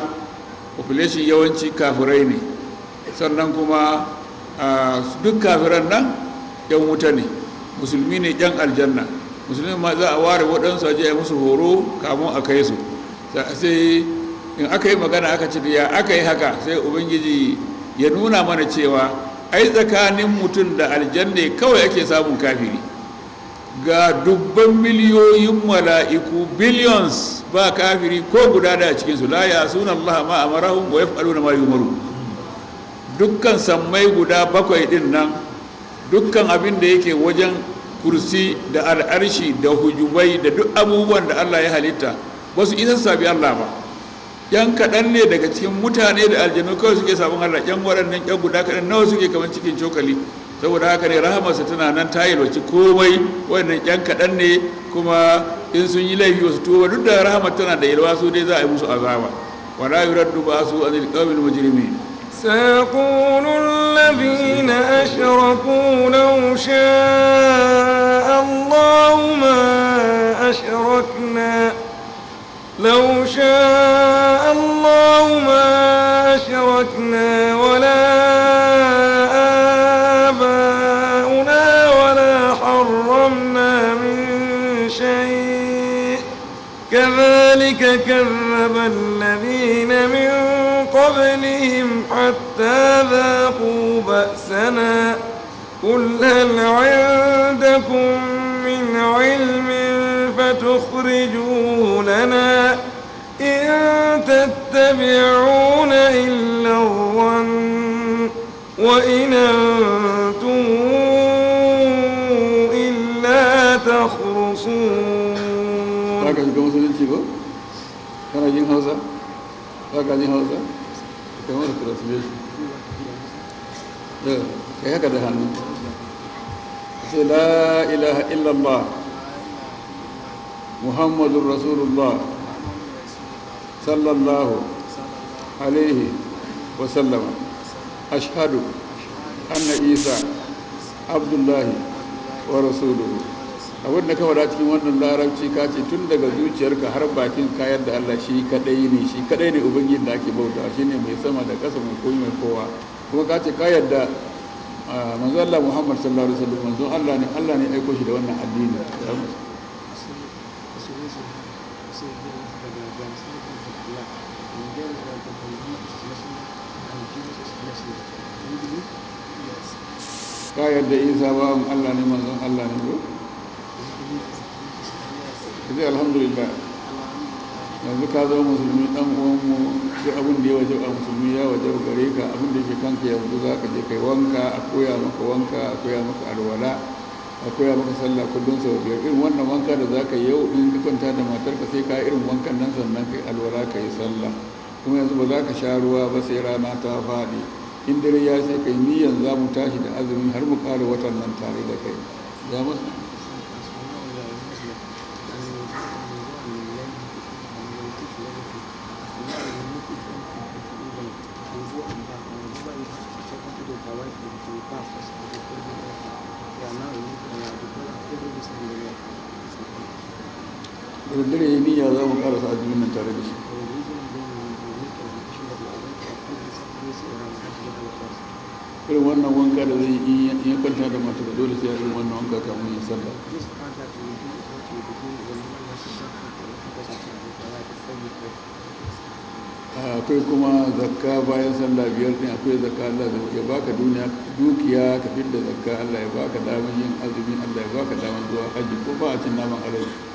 population yawanci kafirai ne sannan kuma duk kafiran nan yan wuta ne musulmi ne yan aljanna musulmi ma za a ware waɗansu ajiye musu horo kamun a kai su sai in aka yi magana aka ci ya aka yi haka sai ubangiji ya nuna mana cewa ai tsakanin mutum da aljanna kawai ake samun kafiri ga dubban miliyoyin mala'iku billions ba kafiri ko guda da cikinsu la ya suna Allah ma amarahum wa yaf'aluna dukkan sammai guda bakwai ɗin nan dukkan abin da yake wajen kursi da al'arshi da hujubai da duk abubuwan da Allah ya halitta ba su isa sabi Allah ba yan kaɗan ne daga cikin mutane da aljanu kawai suke sabon Allah yan waɗannan yan guda kaɗan nawa suke kamar cikin cokali saboda haka ne rahamarsa tana nan ta yalwaci komai wannan yan kaɗan ne kuma in sun yi laifi wasu tuba duk da rahamar tana da yalwa su dai za a yi musu azaba yi yuraddu ba su anil qawmil mujrimin سيقول الذين أشركوا لو شاء الله ما أشركنا لو شاء الله ما أشركنا wala ذاقوا بأسنا قل هل عندكم من علم فتخرجوه لنا إن تتبعون إلا الظن وإن أنتم إلا تخرصون كان يجين هذا كان Eh, kai haka da hannu sai la ilaha illallah muhammadun rasulullah sallallahu alaihi wasallama ashhadu anna isa abdullahi wa rasuluhu abin da ka cikin wannan larabci ka ce tun daga zuciyarka har bakin kayan da allah shi kadai ne shi kadai ne ubangiji da ake bauta shi ne mai sama da kasa mai koyi mai kowa kuma ka ce ka yadda manzo Allah Muhammad sallallahu alaihi wasallam manzo Allah ne Allah ne aiko shi da wannan addini ka yadda isa bawan Allah ne manzon Allah ne ko? alhamdulillah yanzu ka zama musulmi dan uwanmu duk abin da ya waje a musulmi ya waje gare ka abin da ke kanka yanzu za ka je kai wanka a koya maka wanka a koya maka alwala a koya maka sallah kullum sau biyar irin wannan wanka da za ka yau in ka kwanta da matarka sai ka irin wankan nan sannan kai alwala ka yi sallah kuma yanzu ba za ka sha ruwa ba sai rana ta faɗi in dare ya sai kai niyan za mu tashi da azumi har mu ƙara watan nan tare da kai abin nan tare da wannan wanka da zai yi in ya kwanta da mata da dole sai ya yi wannan wanka kamun ya sallah akwai kuma zakka bayan sallah biyar ne akwai zakka Allah da ya baka duniya dukiya ka da zakka Allah ya baka damar yin azumi Allah ya baka damar zuwa hajji ko ba a cin naman alaji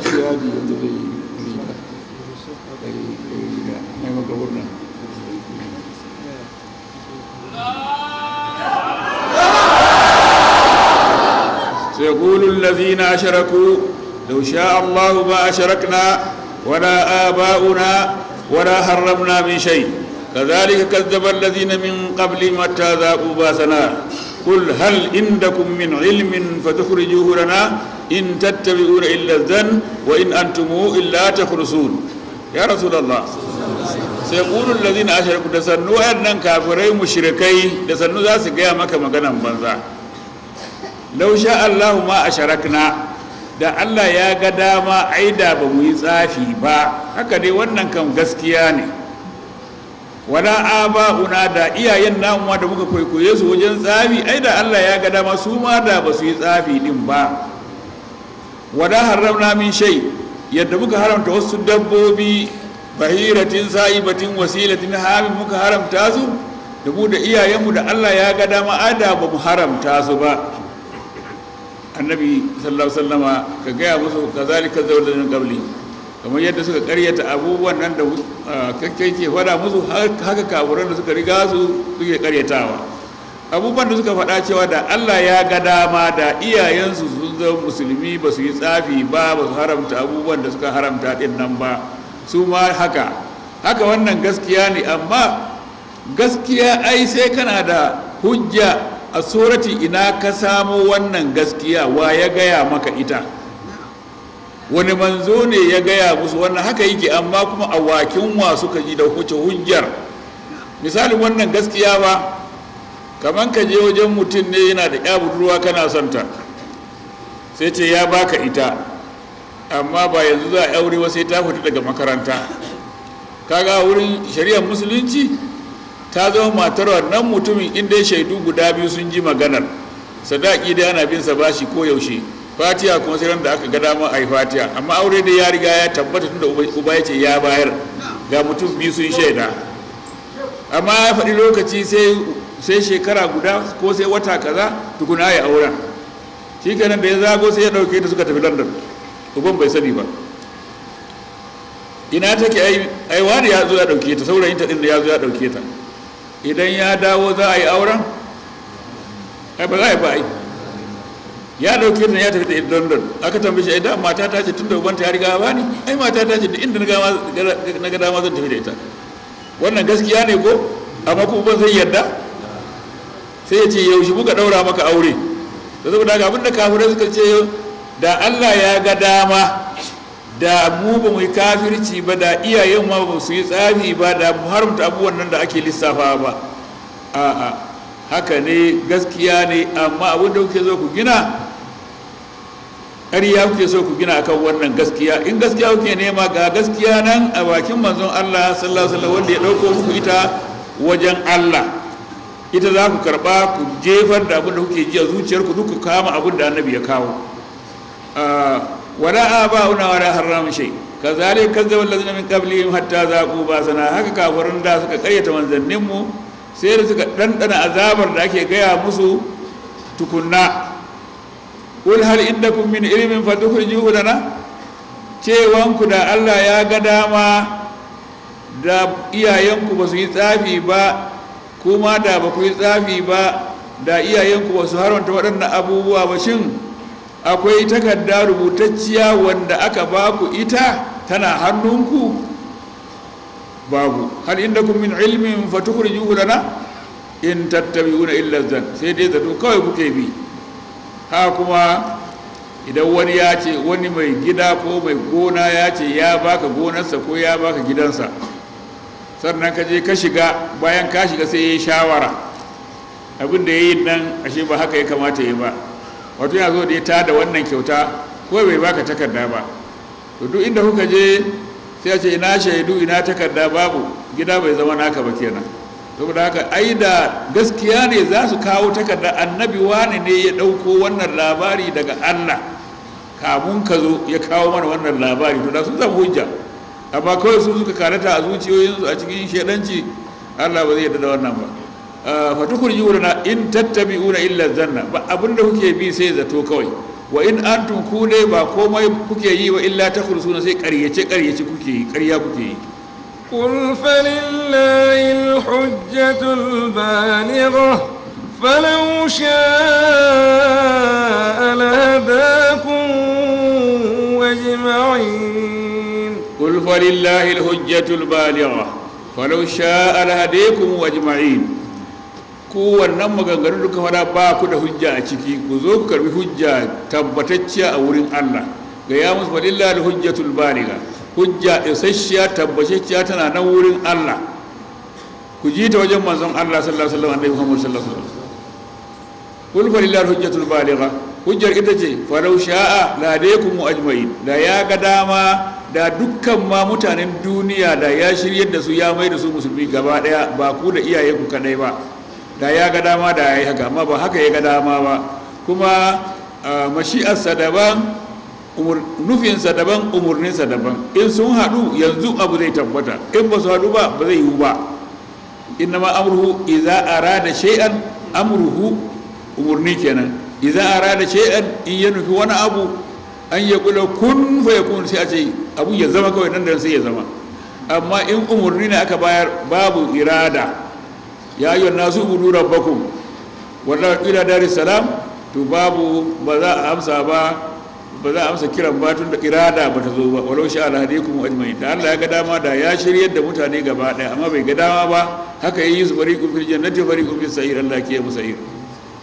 اللي سيقول الذين أشركوا لو شاء الله ما أشركنا ولا آباؤنا ولا حرمنا من شيء كذلك كذب الذين من قبل متى ذاقوا باسنا قل هل عندكم من علم فتخرجوه لنا إن تتبعون إلا الذن وإن أنتم إلا تخرسون يا رسول الله سيقول الذين أشركوا تسنوا أن كافرين مشركين تسنوا ذا سقيا مكة مكانا بنزا لو شاء الله ما أشركنا da Allah ya ga dama aida ba mu yi tsafi ba haka dai wannan kan gaskiya ne wala aba'una da iyayen namuwa da muka kwaikwaye su wajen tsafi ai da Allah ya ga dama su ma da ba su yi tsafi din ba wala haramna min shay yadda muka haramta wasu dabbobi bahiratin sa'ibatin wasilatin halin muka haramta su da mu da iyayenmu da Allah ya ga dama ada ba mu haramta su ba annabi sallallahu alaihi wasallama ka gaya musu kazalika zawlan qabli kamar yadda suka karyata abubuwan nan da kakkai ke faɗa musu haka kaburan da suka riga su suke karyatawa abubuwan da suka faɗa cewa da allah ya ga dama da iyayensu sun zama musulmi ba su yi tsafi ba ba su haramta abubuwan da suka haramta din nan ba su ma haka haka wannan gaskiya ne amma gaskiya ai sai kana da hujja a surati ina ka samo wannan gaskiya wa ya gaya maka ita wani manzo ne ya gaya musu wannan haka yake amma kuma a wakin wa suka ji da huce hujjar misali wannan gaskiya ba kamar ka je wajen mutum ne yana da ya budurwa kana santa sai ce ya baka ita amma ba yanzu za a yauri wasu ta fita daga makaranta kaga wurin shari'ar musulunci ta zama matar wannan mutumin inda shaidu guda biyu sun ji maganar sadaki da ana bin sa bashi ko yaushe fatiya kuma sai da aka ga dama a yi fatiya amma aure da ya riga ya tabbata tun da uba ya ce ya bayar ga mutum biyu sun shaida amma ya faɗi lokaci sai shekara guda ko sai wata kaza tukuna ya auren shi kenan da ya zago sai ya ɗauke ta suka tafi london uban bai sani ba ina take ai wani ya zo ya ɗauke ta saurayin ta ɗin da ya zo ya ɗauke ta idan ya dawo za a yi auren ai ba za a yi ba a yi. ya dauke ta ya tafi da idan don. aka tambaye shi ai da mata ta ce tunda ubanta ya riga ni? ai mata ta ce inda na ga dama zan tafi da ita wannan gaskiya ne ko amma kuma uban zai yarda sai ya ce yaushe buka daura maka aure da saboda ga abinda da kafirai suka ce da Allah ya ga dama da mu ba mu kafirci ba da iyayen ma ba su yi tsafi ba da mu haramta abubuwan nan da ake lissafa ba a'a haka ne gaskiya ne amma abin da kuke zo ku gina ƙarya kuke so ku gina akan wannan gaskiya in gaskiya kuke nema ga gaskiya nan a bakin manzon Allah sallallahu alaihi wanda ya dauko muku ita wajen Allah ita za ku karba ku jefar da abin da kuke ji a zuciyar ku duka kama abin da annabi ya kawo ah, wala aba una wala haram shay kazalik kazzaba allazina min qablihim hatta zaqu basana haka kafirin da suka kayyata manzannin mu sai da suka dandana azabar da ake gaya musu tukunna kul hal indakum min ilmin fatukhrijuhu lana cewanku da Allah ya ga dama da iyayenku ba su yi tsafi ba kuma da ba ku yi tsafi ba da iyayenku ba su haramta waɗannan abubuwa ba shin akwai takarda rubutacciya wanda aka ba ku ita tana hannunku babu hal inda kun min ilmin fatukur lana in tattabi'una illa zan sai dai zato kawai kuke bi ha kuma idan wani ya ce wani mai gida ko mai gona ya ce ya baka gonarsa ko ya baka gidansa sannan ka je ka shiga bayan ka shiga sai ya yi shawara abin da ya yi nan ashe ba haka ya kamata ya yi ba wato ya zo da ya tada wannan kyauta ko bai baka takarda ba to duk inda kuka je sai ce ina shaidu ina takarda babu gida bai zama naka ba kenan saboda haka ai da gaskiya ne za su kawo takarda annabi wani ne ya ɗauko wannan labari daga allah kamun ka zo ya kawo mana wannan labari to da sun zama hujja amma kawai sun suka karata a zuciyoyinsu a cikin shaidanci allah ba zai yarda da wannan ba ah, fatukun wurina in tattabi'una illa zanna ba abin da kuke bi sai zato kawai wa in an ku dai ba komai kuke yi wa illa na sai karyace ƙaryace kuke yi ƙarya kuke yi قل فلله الحجة البالغة فلو شاء لهداكم أجمعين قل فلله الحجة البالغة فلو شاء لهديكم أجمعين كو نم غنغرلك فلا باكو ده حجة أشكي كزوك بحجة حجة تبتتش أورين الله قيامس فلله الحجة البالغة hujja isasshiya tabbacicciya tana nan wurin Allah ku ji ta wajen manzon Allah sallallahu alaihi wasallam annabi Muhammad sallallahu alaihi wasallam kul hujjatul baligha hujjar ita ce farau sha'a la daikum ajma'in da ya ga dama da dukkan ma mutanen duniya da ya shiryar da su ya mai da su musulmi gaba daya ba ku da iyaye ku kadai ba da ya ga dama da ya yi haka amma ba haka ya ga dama ba kuma ah, mashi'ar daban nufinsa daban umarninsa daban in sun haɗu yanzu abu zai tabbata in ba su haɗu ba ba zai yiwu ba innama amruhu idza arada shay'an amurhu umurni kenan ra da shay'an in ya nufi wani abu an ya kula kun fa kun sai a ce abu ya zama kawai nan da sai ya zama amma in umarni ne aka bayar babu irada ya yi ayyuhan nasu budu rabbakum wallahi ila daris salam to babu ba za a amsa ba ba za a amsa kiran ba tun da irada ba ta zo ba walau sha ala hadikum ajma'in da Allah ya ga dama da ya shiryar da mutane gaba daya amma bai ga dama ba haka yayi su bari fariqu fil jannati fariqu fis sa'ir Allah ke musa ir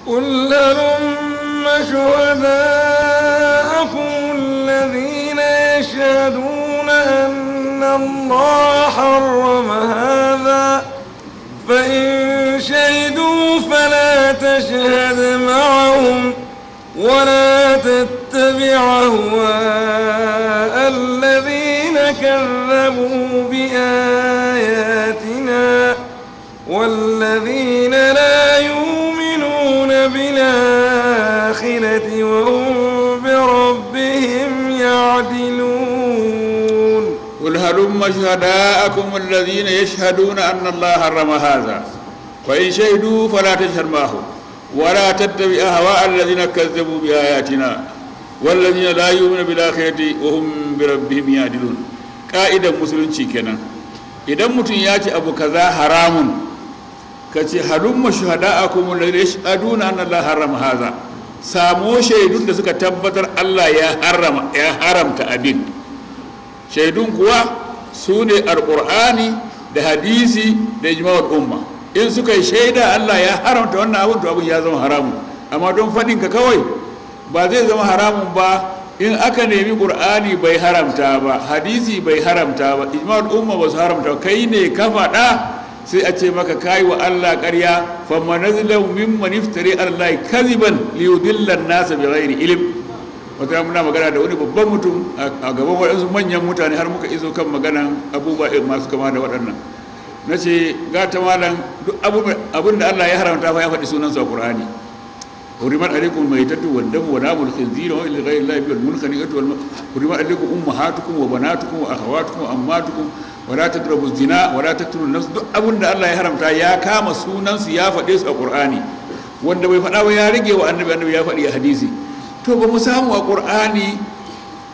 qul lahum shuhadaakum alladhina yashhaduna anna Allah harrama hadha fa in shahidu fala tashhad ma'ahum ولا تتبع أهواء الذين كذبوا بآياتنا والذين لا يؤمنون بالآخرة وهم بربهم يعدلون قل هلم شهداءكم الذين يشهدون أن الله حرم هذا فإن شهدوا فلا تشهد معهم ولا تتبع أهواء الذين كذبوا بآياتنا والذين لا يؤمنون بالآخرة وهم بربهم يعدلون قائد مسلم كنا idan mutum ya ce abu kaza haramun ka ce halun mashahada a kuma lalle shi aduna an Allah harama haza samo shaidun da suka tabbatar Allah ya haramta abin shaidun kuwa su ne alqur'ani da hadisi da ijma'ul umma in suka yi shaida Allah ya haramta wannan abin to abin ya zama haramun amma don faɗin ka kawai ba zai zama haramun ba in aka nemi ƙur'ani bai haramta ba hadisi bai haramta ba ijma'ul umma ba su haramta kai ne ka faɗa sai a ce maka kai wa Allah ƙarya fa manazlu mimman iftari Allah kaziban li yudilla an-nas bi ghairi ilm wata muna magana da wani babban mutum a gaban waɗansu manyan mutane har muka iso kan magana abubuwa masu kama da waɗannan na ce gata malam duk abin da Allah ya haramta fa ya faɗi sunan sa Qur'ani hurimat alaikum maytatu wa damu wa namul khinzir wa ila ghayri allahi wal munkhaniqatu wal hurimat alaikum ummahatukum wa banatukum wa akhawatukum wa ammatukum wa la taqrabu zina wa la taqtulu nafs duk abin da Allah ya haramta ya kama sunan su ya faɗe su a Qur'ani wanda bai faɗa ba ya rige wa annabi annabi ya faɗi a hadisi to ba mu samu a Qur'ani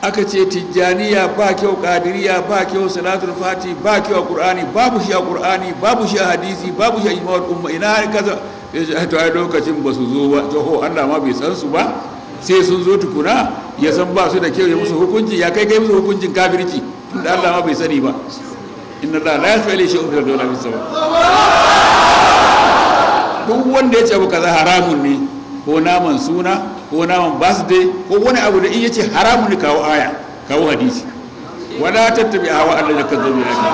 aka ce tijjaniya ba kyau kadiriya ba kyau salatul fati ba kyau a ƙur'ani babu shi a ƙur'ani babu shi a hadisi babu shi a ijma'ul umma ina har kaza ya to yi lokacin ba su zo ba to ho Allah ma bai san su ba sai sun zo tukuna ya san ba su da kyau ya musu hukunci ya kai kai musu hukuncin kafirci tunda Allah ma bai sani ba inna Allah la yasfali shay'un fil dawla bis duk wanda ya ce abu kaza haramun ne ko naman suna ko naman birthday ko wani abu da in ya ce haramu ne kawo aya kawo hadisi wala tattabi hawa Allah da kazo bi raka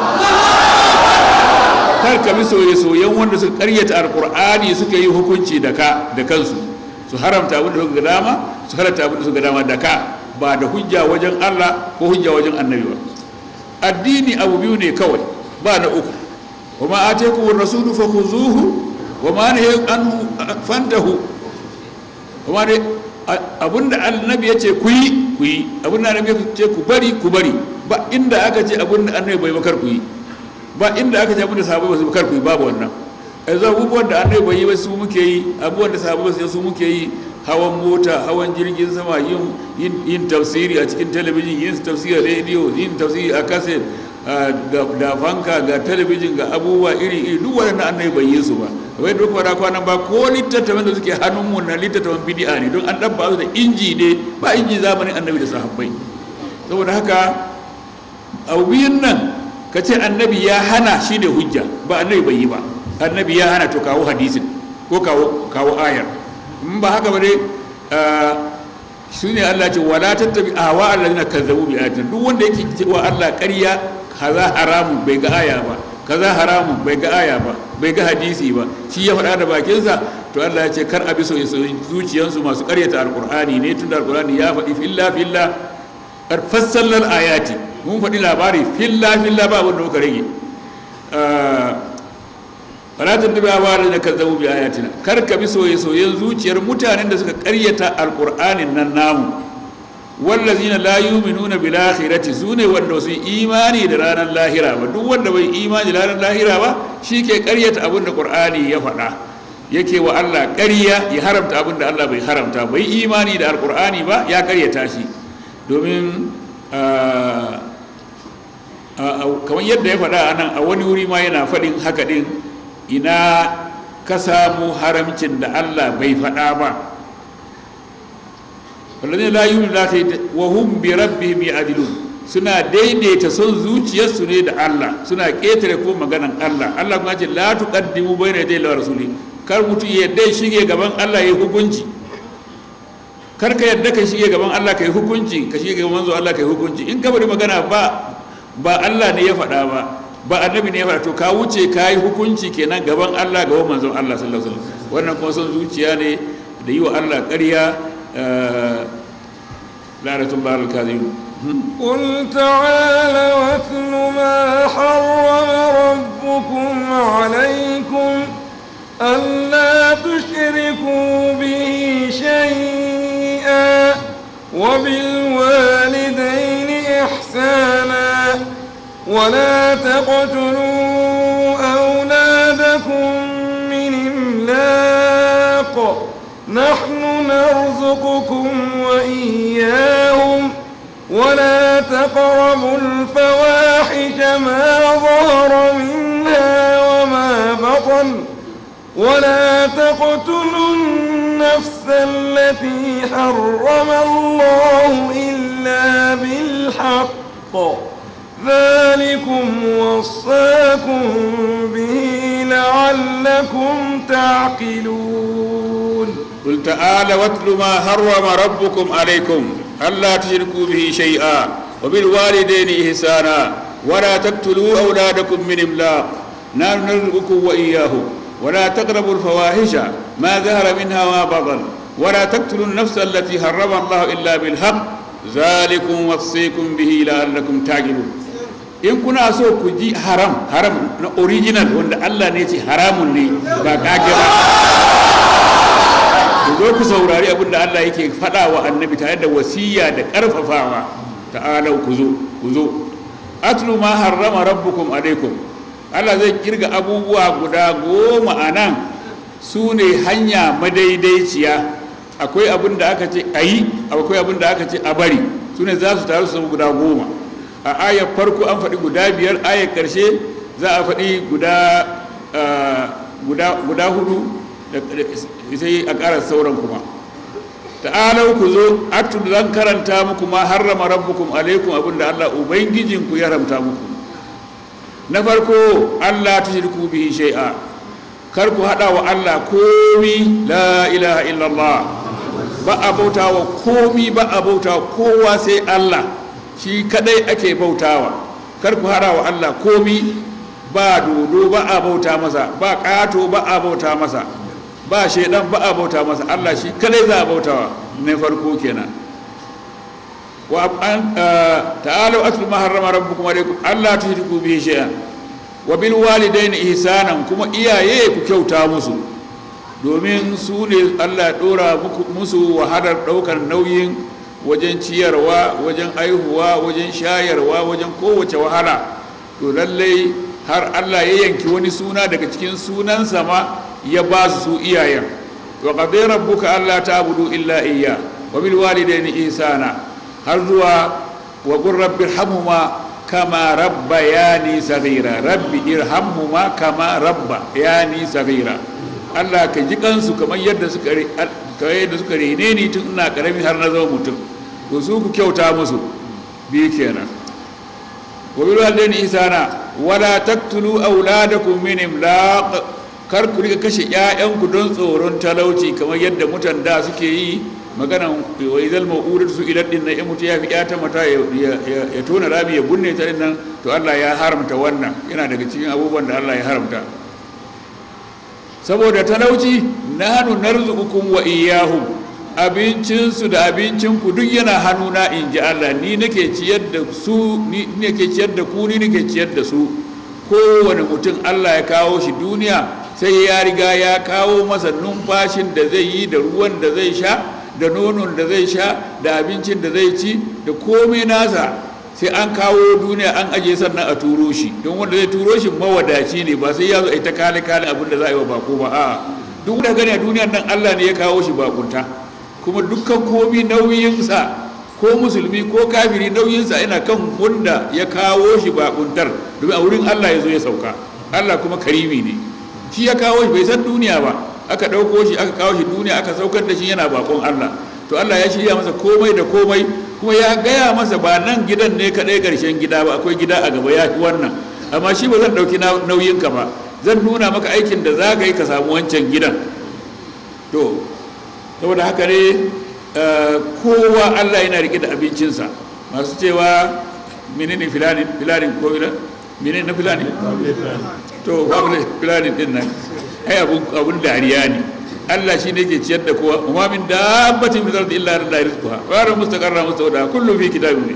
kar ka bi soye soyen wanda suka karyata alqur'ani suka yi hukunci da ka da kansu su haramta abin da suka dama su halatta abin da suka dama da ka ba da hujja wajen Allah ko hujja wajen annabi ba addini abu biyu ne kawai ba na uku wama ateku rasulu fakhuzuhu wama nahayu anhu fantahu dai. abinda annabi ya ce ku yi ku yi abinda annabi ya ce ku bari ku bari ba inda aka ce abinda annabi bai bakar ku yi ba inda aka ce abinda da ba su bakar ku yi babu wannan yanzu abubuwan da annabi bai yi ba su muke yi abubuwan da sahabai ba su muke yi hawan mota hawan jirgin sama yin tafsiri a cikin talabijin yin tafsiri a rediyo yin tafsiri a kaset ga fanka ga talabijin ga abubuwa iri iri duk waɗanda annabi bai yi su ba wai duk wada kwanan ba ko littattafan da suke hannunmu na littattafan bidi'a ne don an ɗabba su da inji ne ba inji zamanin annabi da sahabbai saboda haka a biyun nan ka ce annabi ya hana shi ne hujja ba annabi bai yi ba annabi ya hana to kawo hadisin ko kawo ayar in ba haka ba dai shi ne Allah ce wala tattabi ahwa alladhina kazzabu bi ayatina duk wanda yake cewa Allah ƙarya kaza haramun bai ga aya ba kaza haramun bai ga aya ba bai ga hadisi ba shi ya faɗa da bakinsa to Allah ya ce kar a bi so zuciyansu masu karyata alkur'ani ne tun da alkur'ani ya faɗi filla filla kar fassalar ayati mun faɗi labari filla filla ba wanda muka rage ah, wala tuntubi abarin da kazzabu bi ayatina kar ka bi soye soyen zuciyar mutanen da suka karyata alkur'anin nan namu wallazina la yu'minuna bil akhirati sune wanda su imani da ranar lahira ba duk wanda bai imani da ranar lahira ba shi ke karyata abin da qur'ani ya faɗa yake wa Allah karya ya haramta abin da Allah bai haramta bai imani da alqur'ani ba ya karyata shi domin kamar yadda ya faɗa anan a wani wuri ma yana faɗin haka din ina ka samu haramcin da Allah bai faɗa ba wadannan la da la ta wa hun bi mai ya'dilun suna daidaita son zuciyarsu ne da Allah suna ketare ko maganan Allah Allah kuma ce la tuqaddimu bayna lawar la rasuli kar mutu ya dai shige gaban Allah ya hukunci kar ka yadda ka shige gaban Allah ka yi hukunci ka shige gaban zuwa Allah ka yi hukunci in ka bari magana ba ba Allah ne ya faɗa ba ba annabi ne ya faɗa to ka wuce ka yi hukunci kenan gaban Allah gaban manzon Allah sallallahu alaihi wasallam wannan kuma son zuciya ne da yi wa Allah ƙarya آه، لعنة الله على الكاذبين قل تعالى واتل ما حرم ربكم عليكم ألا تشركوا به شيئا وبالوالدين إحسانا ولا تقتلوا أولادكم من إملاق نحن نرزقكم وإياهم ولا تقربوا الفواحش ما ظهر منها وما بطن ولا تقتلوا النفس التي حرم الله إلا بالحق ذلكم وصاكم به لعلكم تعقلون قل تعالى واتل ما حرم ربكم عليكم ألا تشركوا به شيئا وبالوالدين إحسانا ولا تقتلوا أولادكم من إملاق نحن نرزقكم وإياهم ولا تقربوا الفواحش ما ظهر منها وما بطن ولا تقتلوا النفس التي حرم الله إلا بالحق ذلكم وصيكم به لعلكم تعقلون in kuna so ku ji haram haram na original wanda Allah ne ce haramun ne ba kage ba ku zo ku saurari abin da Allah yake faɗa wa annabi tare da wasiya da ƙarfafawa ta'ala ku zo ku zo atlu ma harrama rabbukum alaikum Allah zai kirga abubuwa guda goma a nan su ne hanya madaidaiciya akwai abin da aka ce a yi akwai abin da aka ce a bari su ne za su taru su guda goma a ayar farko an faɗi guda biyar ayar ƙarshe za a faɗi guda hudu sai a ƙara sauran kuma ta'alau ku zo da zan karanta muku ma harrama rabbukum alaikum abinda Allah ubangijinku ya ramta muku na farko Allah ta shirku bihi shay'a kar ku hada wa Allah komi la ilaha illallah ba a bauta wa komi ba a bauta kowa sai Allah shi kadai ake bautawa kar ku wa Allah komi ba dodo ba a bauta masa ba kato ba a bauta masa ba shaidan ba a bauta masa Allah shi kadai za a bautawa ne farko kenan wa an ta'alu atlu ma rabbukum alaykum alla tushriku bihi shay'an wa bil walidayni ihsanan kuma iyaye ku kyauta musu domin su ne Allah ya dora musu wahalar daukar nauyin wajen ciyarwa wajen aihuwa wajen shayarwa wajen kowace wahala to lallai har allah ya yanki wani suna daga cikin sunan sama ya ba su su iyayen wa qadai rabbuka allah ta'budu illa iya. wa bil Isa ihsana har zuwa wa qur rabbi irhamhuma kama rabbayani sagira rabbi irhamhuma kama rabba yani sagira allah ka ji kansu kamar yadda suka kawai da suka rene ni tun ina karami har na zama mutum to su ku kyauta musu biyu kenan ni isa na wala taktulu auladakum min imlaq kar ku rika kashe ƴaƴan ku don tsoron talauci kamar yadda mutan da suke yi magana wa idal mawudatu su ila din ya mutu ya fi ƴata mata ya tona rami ya bunne ta din to Allah ya haramta wannan yana daga cikin abubuwan da Allah ya haramta saboda talauci na hannu narzukukum wa iyahu abincinsu da abincinku duk yana hannuna in ji Allah ni nake ciyar da su ni nake ciyar da ku ni nake ciyar da su kowane mutum Allah ya kawo shi duniya sai ya riga ya kawo masa numfashin da zai yi da ruwan da zai sha da nonon da zai sha da abincin da zai ci da komai nasa sai an kawo duniya an ajiye sannan a turo shi don wanda zai turo shi mawadaci ne ba sai ya zo ita kale kale abin da za a yi wa bako ba a duk da gani a nan Allah ne ya kawo shi bakunta kuma dukkan komi nauyinsa ko musulmi ko kafiri nauyinsa yana kan wanda ya kawo shi bakuntar domin a wurin Allah ya zo ya sauka Allah kuma karimi ne shi ya kawo shi bai san duniya ba aka ɗauko shi aka kawo shi duniya aka saukar da shi yana bakon Allah to Allah ya shirya masa komai da komai kuma ya gaya masa ba nan gidan ne kaɗai ƙarshen gida ba akwai gida a gaba ya fi wannan amma shi ba zan ɗauki nauyinka ba zan nuna maka aikin da za ka yi ka samu wancan gidan to saboda haka ne eh, kowa allah yana rike da abincinsa masu cewa minini filanin filanin ko minin na filanin to filanin din nan ai abun dariya ne Allah shi ne ke ciyar da kowa wa min dabbatin da ardi illa Allah rizquha wa ra mustaqarra mustawda kullu fi kitabihi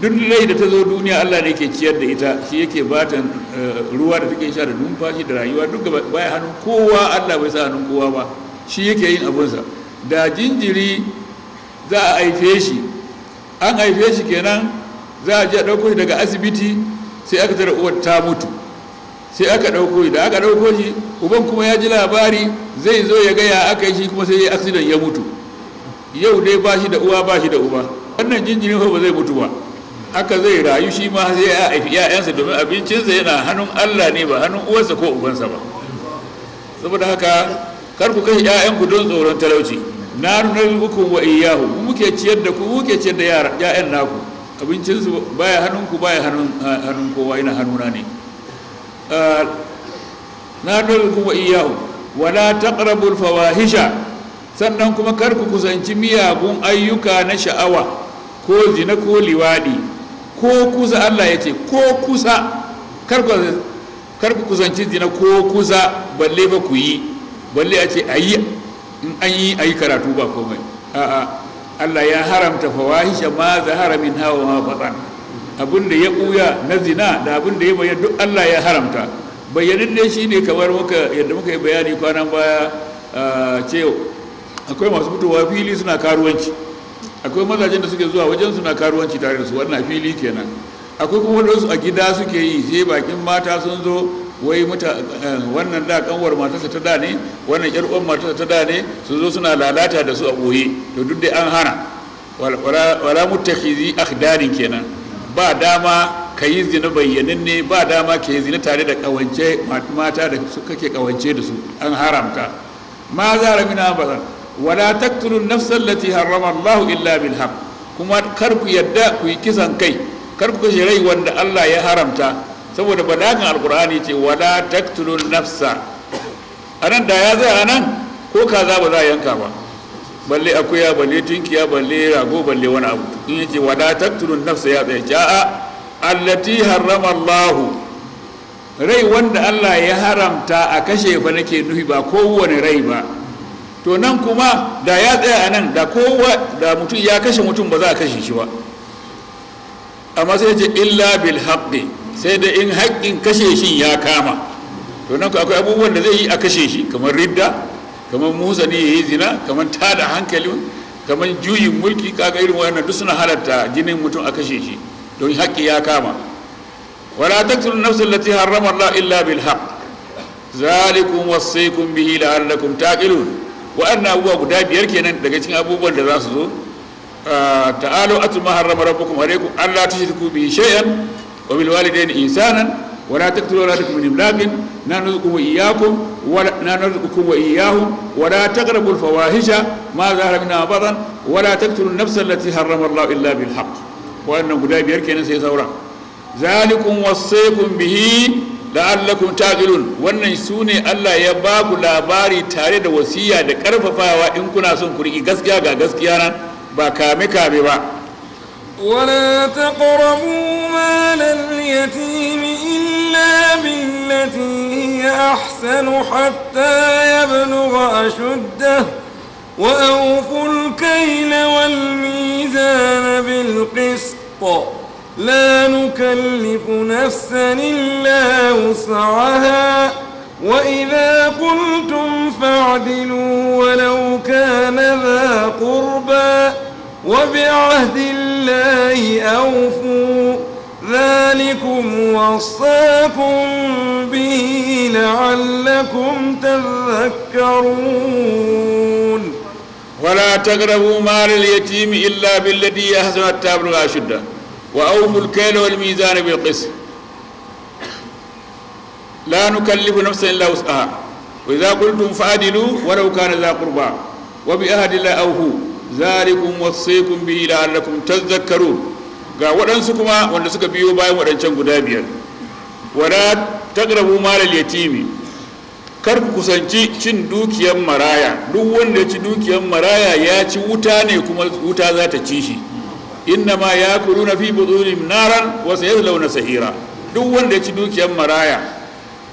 duk rai da ta zo duniya Allah ne ke ciyar da ita shi yake bata eh, ruwa da take sha da numfashi da rayuwa duk baya hannun kowa Allah bai sa hannun kowa ba shi yake yin abun sa da jinjiri za a aife shi an haife shi kenan za a je a shi daga asibiti sai aka tara uwar ta mutu sai aka ɗauko shi da aka ɗauko shi uban kuma ya ji labari zai zo ya gaya aka yi shi kuma sai ya accident ya mutu yau dai ba shi da uwa ba shi da uba wannan jinjirin ba zai mutu ba aka zai rayu shi ma sai ya haifi ‘ya'yansa domin abincinsa yana hannun Allah ne ba hannun uwarsa ko ubansa ba saboda haka kar ku kashe ‘ya'yanku don tsoron talauci na nuna hukun wa iyahu mu muke ciyar da ku muke ciyar da ‘ya'yan naku abincinsu baya hannunku baya hannun kowa ina hannuna ne na nubikum wa iyahu wala taqrabul fawahisha sannan kuma kar ku kusanci miyagun ayyuka na sha'awa ko zina ko liwadi ko kusa Allah ya ce ko kusa kar ku kusanci zina ko kusa balle ba ku yi balle a ce ayi in an yi ayi karatu ba komai a'a Allah ya haramta fawahisha ma zahara min hawa ma batan abin da ya ɓuya na zina da abin da ya bayar duk Allah ya haramta bayyananne ne shine kamar muka yadda muka yi bayani kwanan baya cewa akwai masu fitowa fili suna karuwanci akwai mazajen da suke zuwa wajen suna karuwanci tare da su wannan fili kenan akwai kuma wadansu a gida suke yi sai bakin mata sun zo wai muta eh, wannan da kanwar matarsa ta da ne wannan yar uwan matarsa ta da ne sun zo suna lalata da su a boye to duk da an hana wala wala mutakhizi akhdarin kenan ba dama ka yi zina ne ba dama ka yi zina tare da kawance mata da su kake kawance da su an haramta ma za zara mina zan wala taqtulu nafsar lati haram Allahu illa bil kuma kar ku yadda ku yi kisan kai kar ku kashe rai wanda Allah ya haramta saboda balagan alkur'ani ce wala taqtulu nafsa anan da ya zai anan ko kaza ba za yanka ba balle akuya balle tinkiya balle rago balle wani abu in yake wada tattulun nafsa ya tsaya ja'a allati harrama Allah rai wanda Allah ya haramta a kashe fa nake nufi ba kowane rai ba to nan kuma da ya tsaya a nan da kowa da mutum ya kashe mutum ba za a kashe shi ba amma sai ce illa bil haqqi sai da in haƙƙin kashe shi ya kama to nan akwai abubuwan da zai yi a kashe shi kamar ridda kamar muzani ya yi zina kamar ta da hankali kamar juyin mulki kaga irin wayannan duk suna halatta jinin mutum a kashe shi don haƙƙi ya kama wala taqtulu nafsa allati harrama Allah illa bil haqq zalikum wasaykum bihi la'allakum taqilun anna abubuwa guda biyar kenan daga cikin abubuwan da za su zo ah, ta'alu atma harrama rabbukum alaykum alla tushriku bihi shay'an wa bil walidayni ihsanan ولا تقتلوا أولادكم من إملاق نحن نرزقكم وإياكم ولا نحن نرزقكم وإياهم ولا تقربوا الفواحش ما ظهر منها بطن ولا تقتلوا النفس التي حرم الله إلا بالحق وأن غدا بيار كان سيزورا ذلكم وصيكم به la'allakum ta'qilun wannan sune Allah ya ba ku labari tare da wasiya da karfafawa in kuna son ku riki gaskiya ga gaskiya nan ba kame kame ba wala taqrabu malal yatimi إلا بالتي هي أحسن حتى يبلغ أشده وأوفوا الكيل والميزان بالقسط لا نكلف نفسا إلا وسعها وإذا قلتم فاعدلوا ولو كان ذا قربى وبعهد الله أوفوا ذلكم وصاكم به لعلكم تذكرون ولا تقربوا مال اليتيم إلا بالذي يحسن التابلغ أشده وأوفوا الكيل والميزان بالقسط لا نكلف نفسا إلا وسعها وإذا قلتم فعدلوا ولو كان ذا قربى وبأهد الله أوفوا ذلكم وصيكم به لعلكم تذكرون ga waɗansu kuma wanda suka biyo bayan waɗancan guda biyar wala taqrabu malal yatimi kar ku kusanci cin dukiyar maraya duk wanda ci dukiyar maraya ya ci wuta ne kuma wuta za ta ci shi inna ma na fi budunim naran wasu ya sayazlawna sahira duk wanda ci dukiyar maraya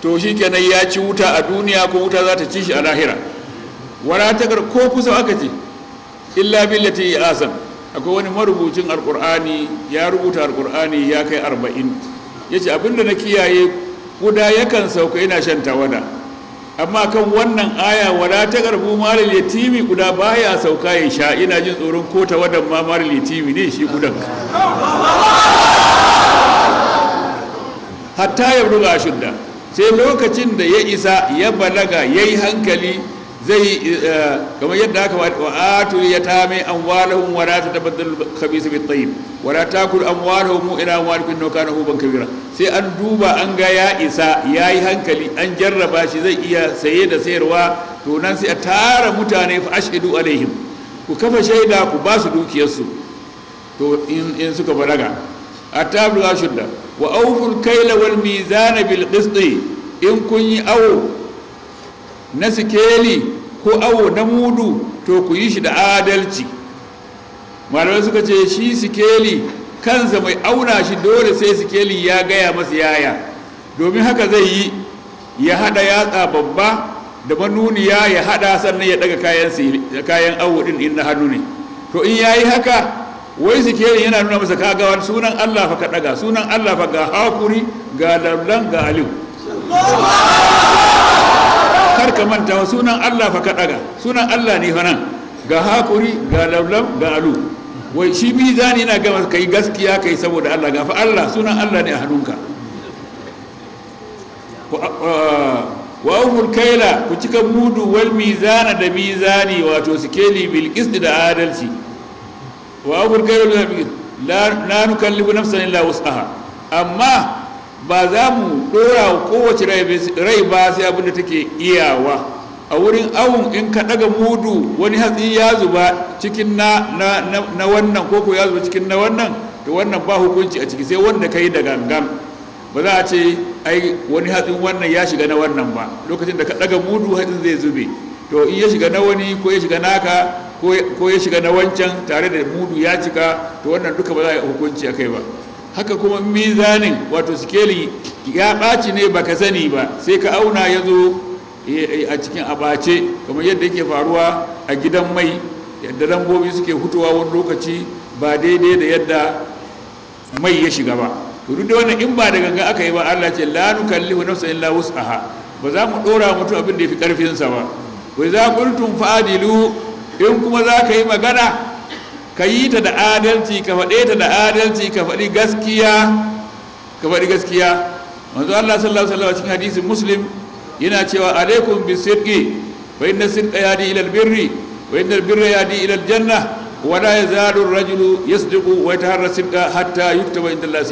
to shi kenan ya ci wuta a duniya ko wuta za ta ci shi a lahira ta taqrabu ko kusa aka ce illa billati asan akwai wani marubucin alkur'ani ya rubuta alkur'ani ya kai arba'in ya ce abinda na kiyaye guda yakan sauka yana shan tawada amma kan wannan aya wala ta garbu malil yatimi guda baya sauka ya sha ina jin tsoron ko tawadan ma malar yatimi ne shi gudan hatta ya ruga shudda sai lokacin da ya isa ya balaga ya yi hankali zai eh, kamar yadda aka wa atul yatami amwalahum wa la tatabaddal khabith bit tayyib wa la takul ina ila amwalikum innahu kana huban kabira sai an duba an ga ya isa yayi hankali an jarraba shi zai iya saye da sayarwa to nan sai a tara mutane fa ashhadu alaihim ku kafa shaida ku ba su dukiyarsu to in suka balaga atablu ashudda wa awful kayla wal mizana bil qisti in kun yi awo na sikeli ko awo na mudu to ku yi shi da adalci malamai suka ce shi sikeli kansa mai auna shi dole sai sikeli ya gaya masa yaya domin haka zai yi ya hada yatsa babba da manuniya ya hada sannan ya daga kayan awo din in na hannu ne to in ya yi haka wai sikeli yana nuna masa kagawar sunan Allah fa ka daga sunan Allah fa ga hakuri ga lallan ga aliyu kar ka manta sunan Allah fa ka daga sunan Allah ne fa nan ga hakuri ga lablam ga alu wai shi mizani na gama kai gaskiya kai saboda Allah ga fa Allah sunan Allah ne a hannunka wa awful kaila ku cika mudu wal mizana da mizani wato sikeli bil qist da adalci wa awful kaila la nukallibu nafsan illa wus'aha amma ba za mu dora kowace rai ba sai abin da take iyawa a wurin awun in ka daga mudu wani hatsi ya zuba cikin na na wannan koko ya zuba cikin na wannan to wannan ba hukunci a ciki sai wanda ka yi da gangan ba za a ce ai wani hatsin wannan ya shiga na wannan ba lokacin da ka daga mudu hatsin zai zube to in ya shiga na wani ko ya shiga naka ko ya shiga na wancan tare da mudu ya cika to wannan duka ba za a yi hukunci a kai ba haka kuma mizanin wato sikeli ya ɓaci ne baka sani ba sai ka auna ya zo eh, eh, a cikin abace kamar yadda yake faruwa a gidan mai yadda lambobi suke hutuwa wani lokaci ba daidai da yadda mai ya shiga ba to duk da wannan in ba da ganga aka yi ba Allah ce la nukallifu nafsan illa wus'aha ba za mu dora mutum abin da yafi karfin sa ba wai za qultum fa'dilu in kuma za ka yi magana ka yi ta da adalci ka faɗe ta da adalci ka faɗi gaskiya ka faɗi gaskiya wanzu Allah sallallahu alaihi wasallam cikin hadisin muslim yana cewa alaikum bisidqi wa inna sidqa yadi ila albirri wa inna albirra yadi ila aljanna wa la yazalu ar-rajulu yasdiqu wa yataharra sidqa hatta yuktaba inda Allah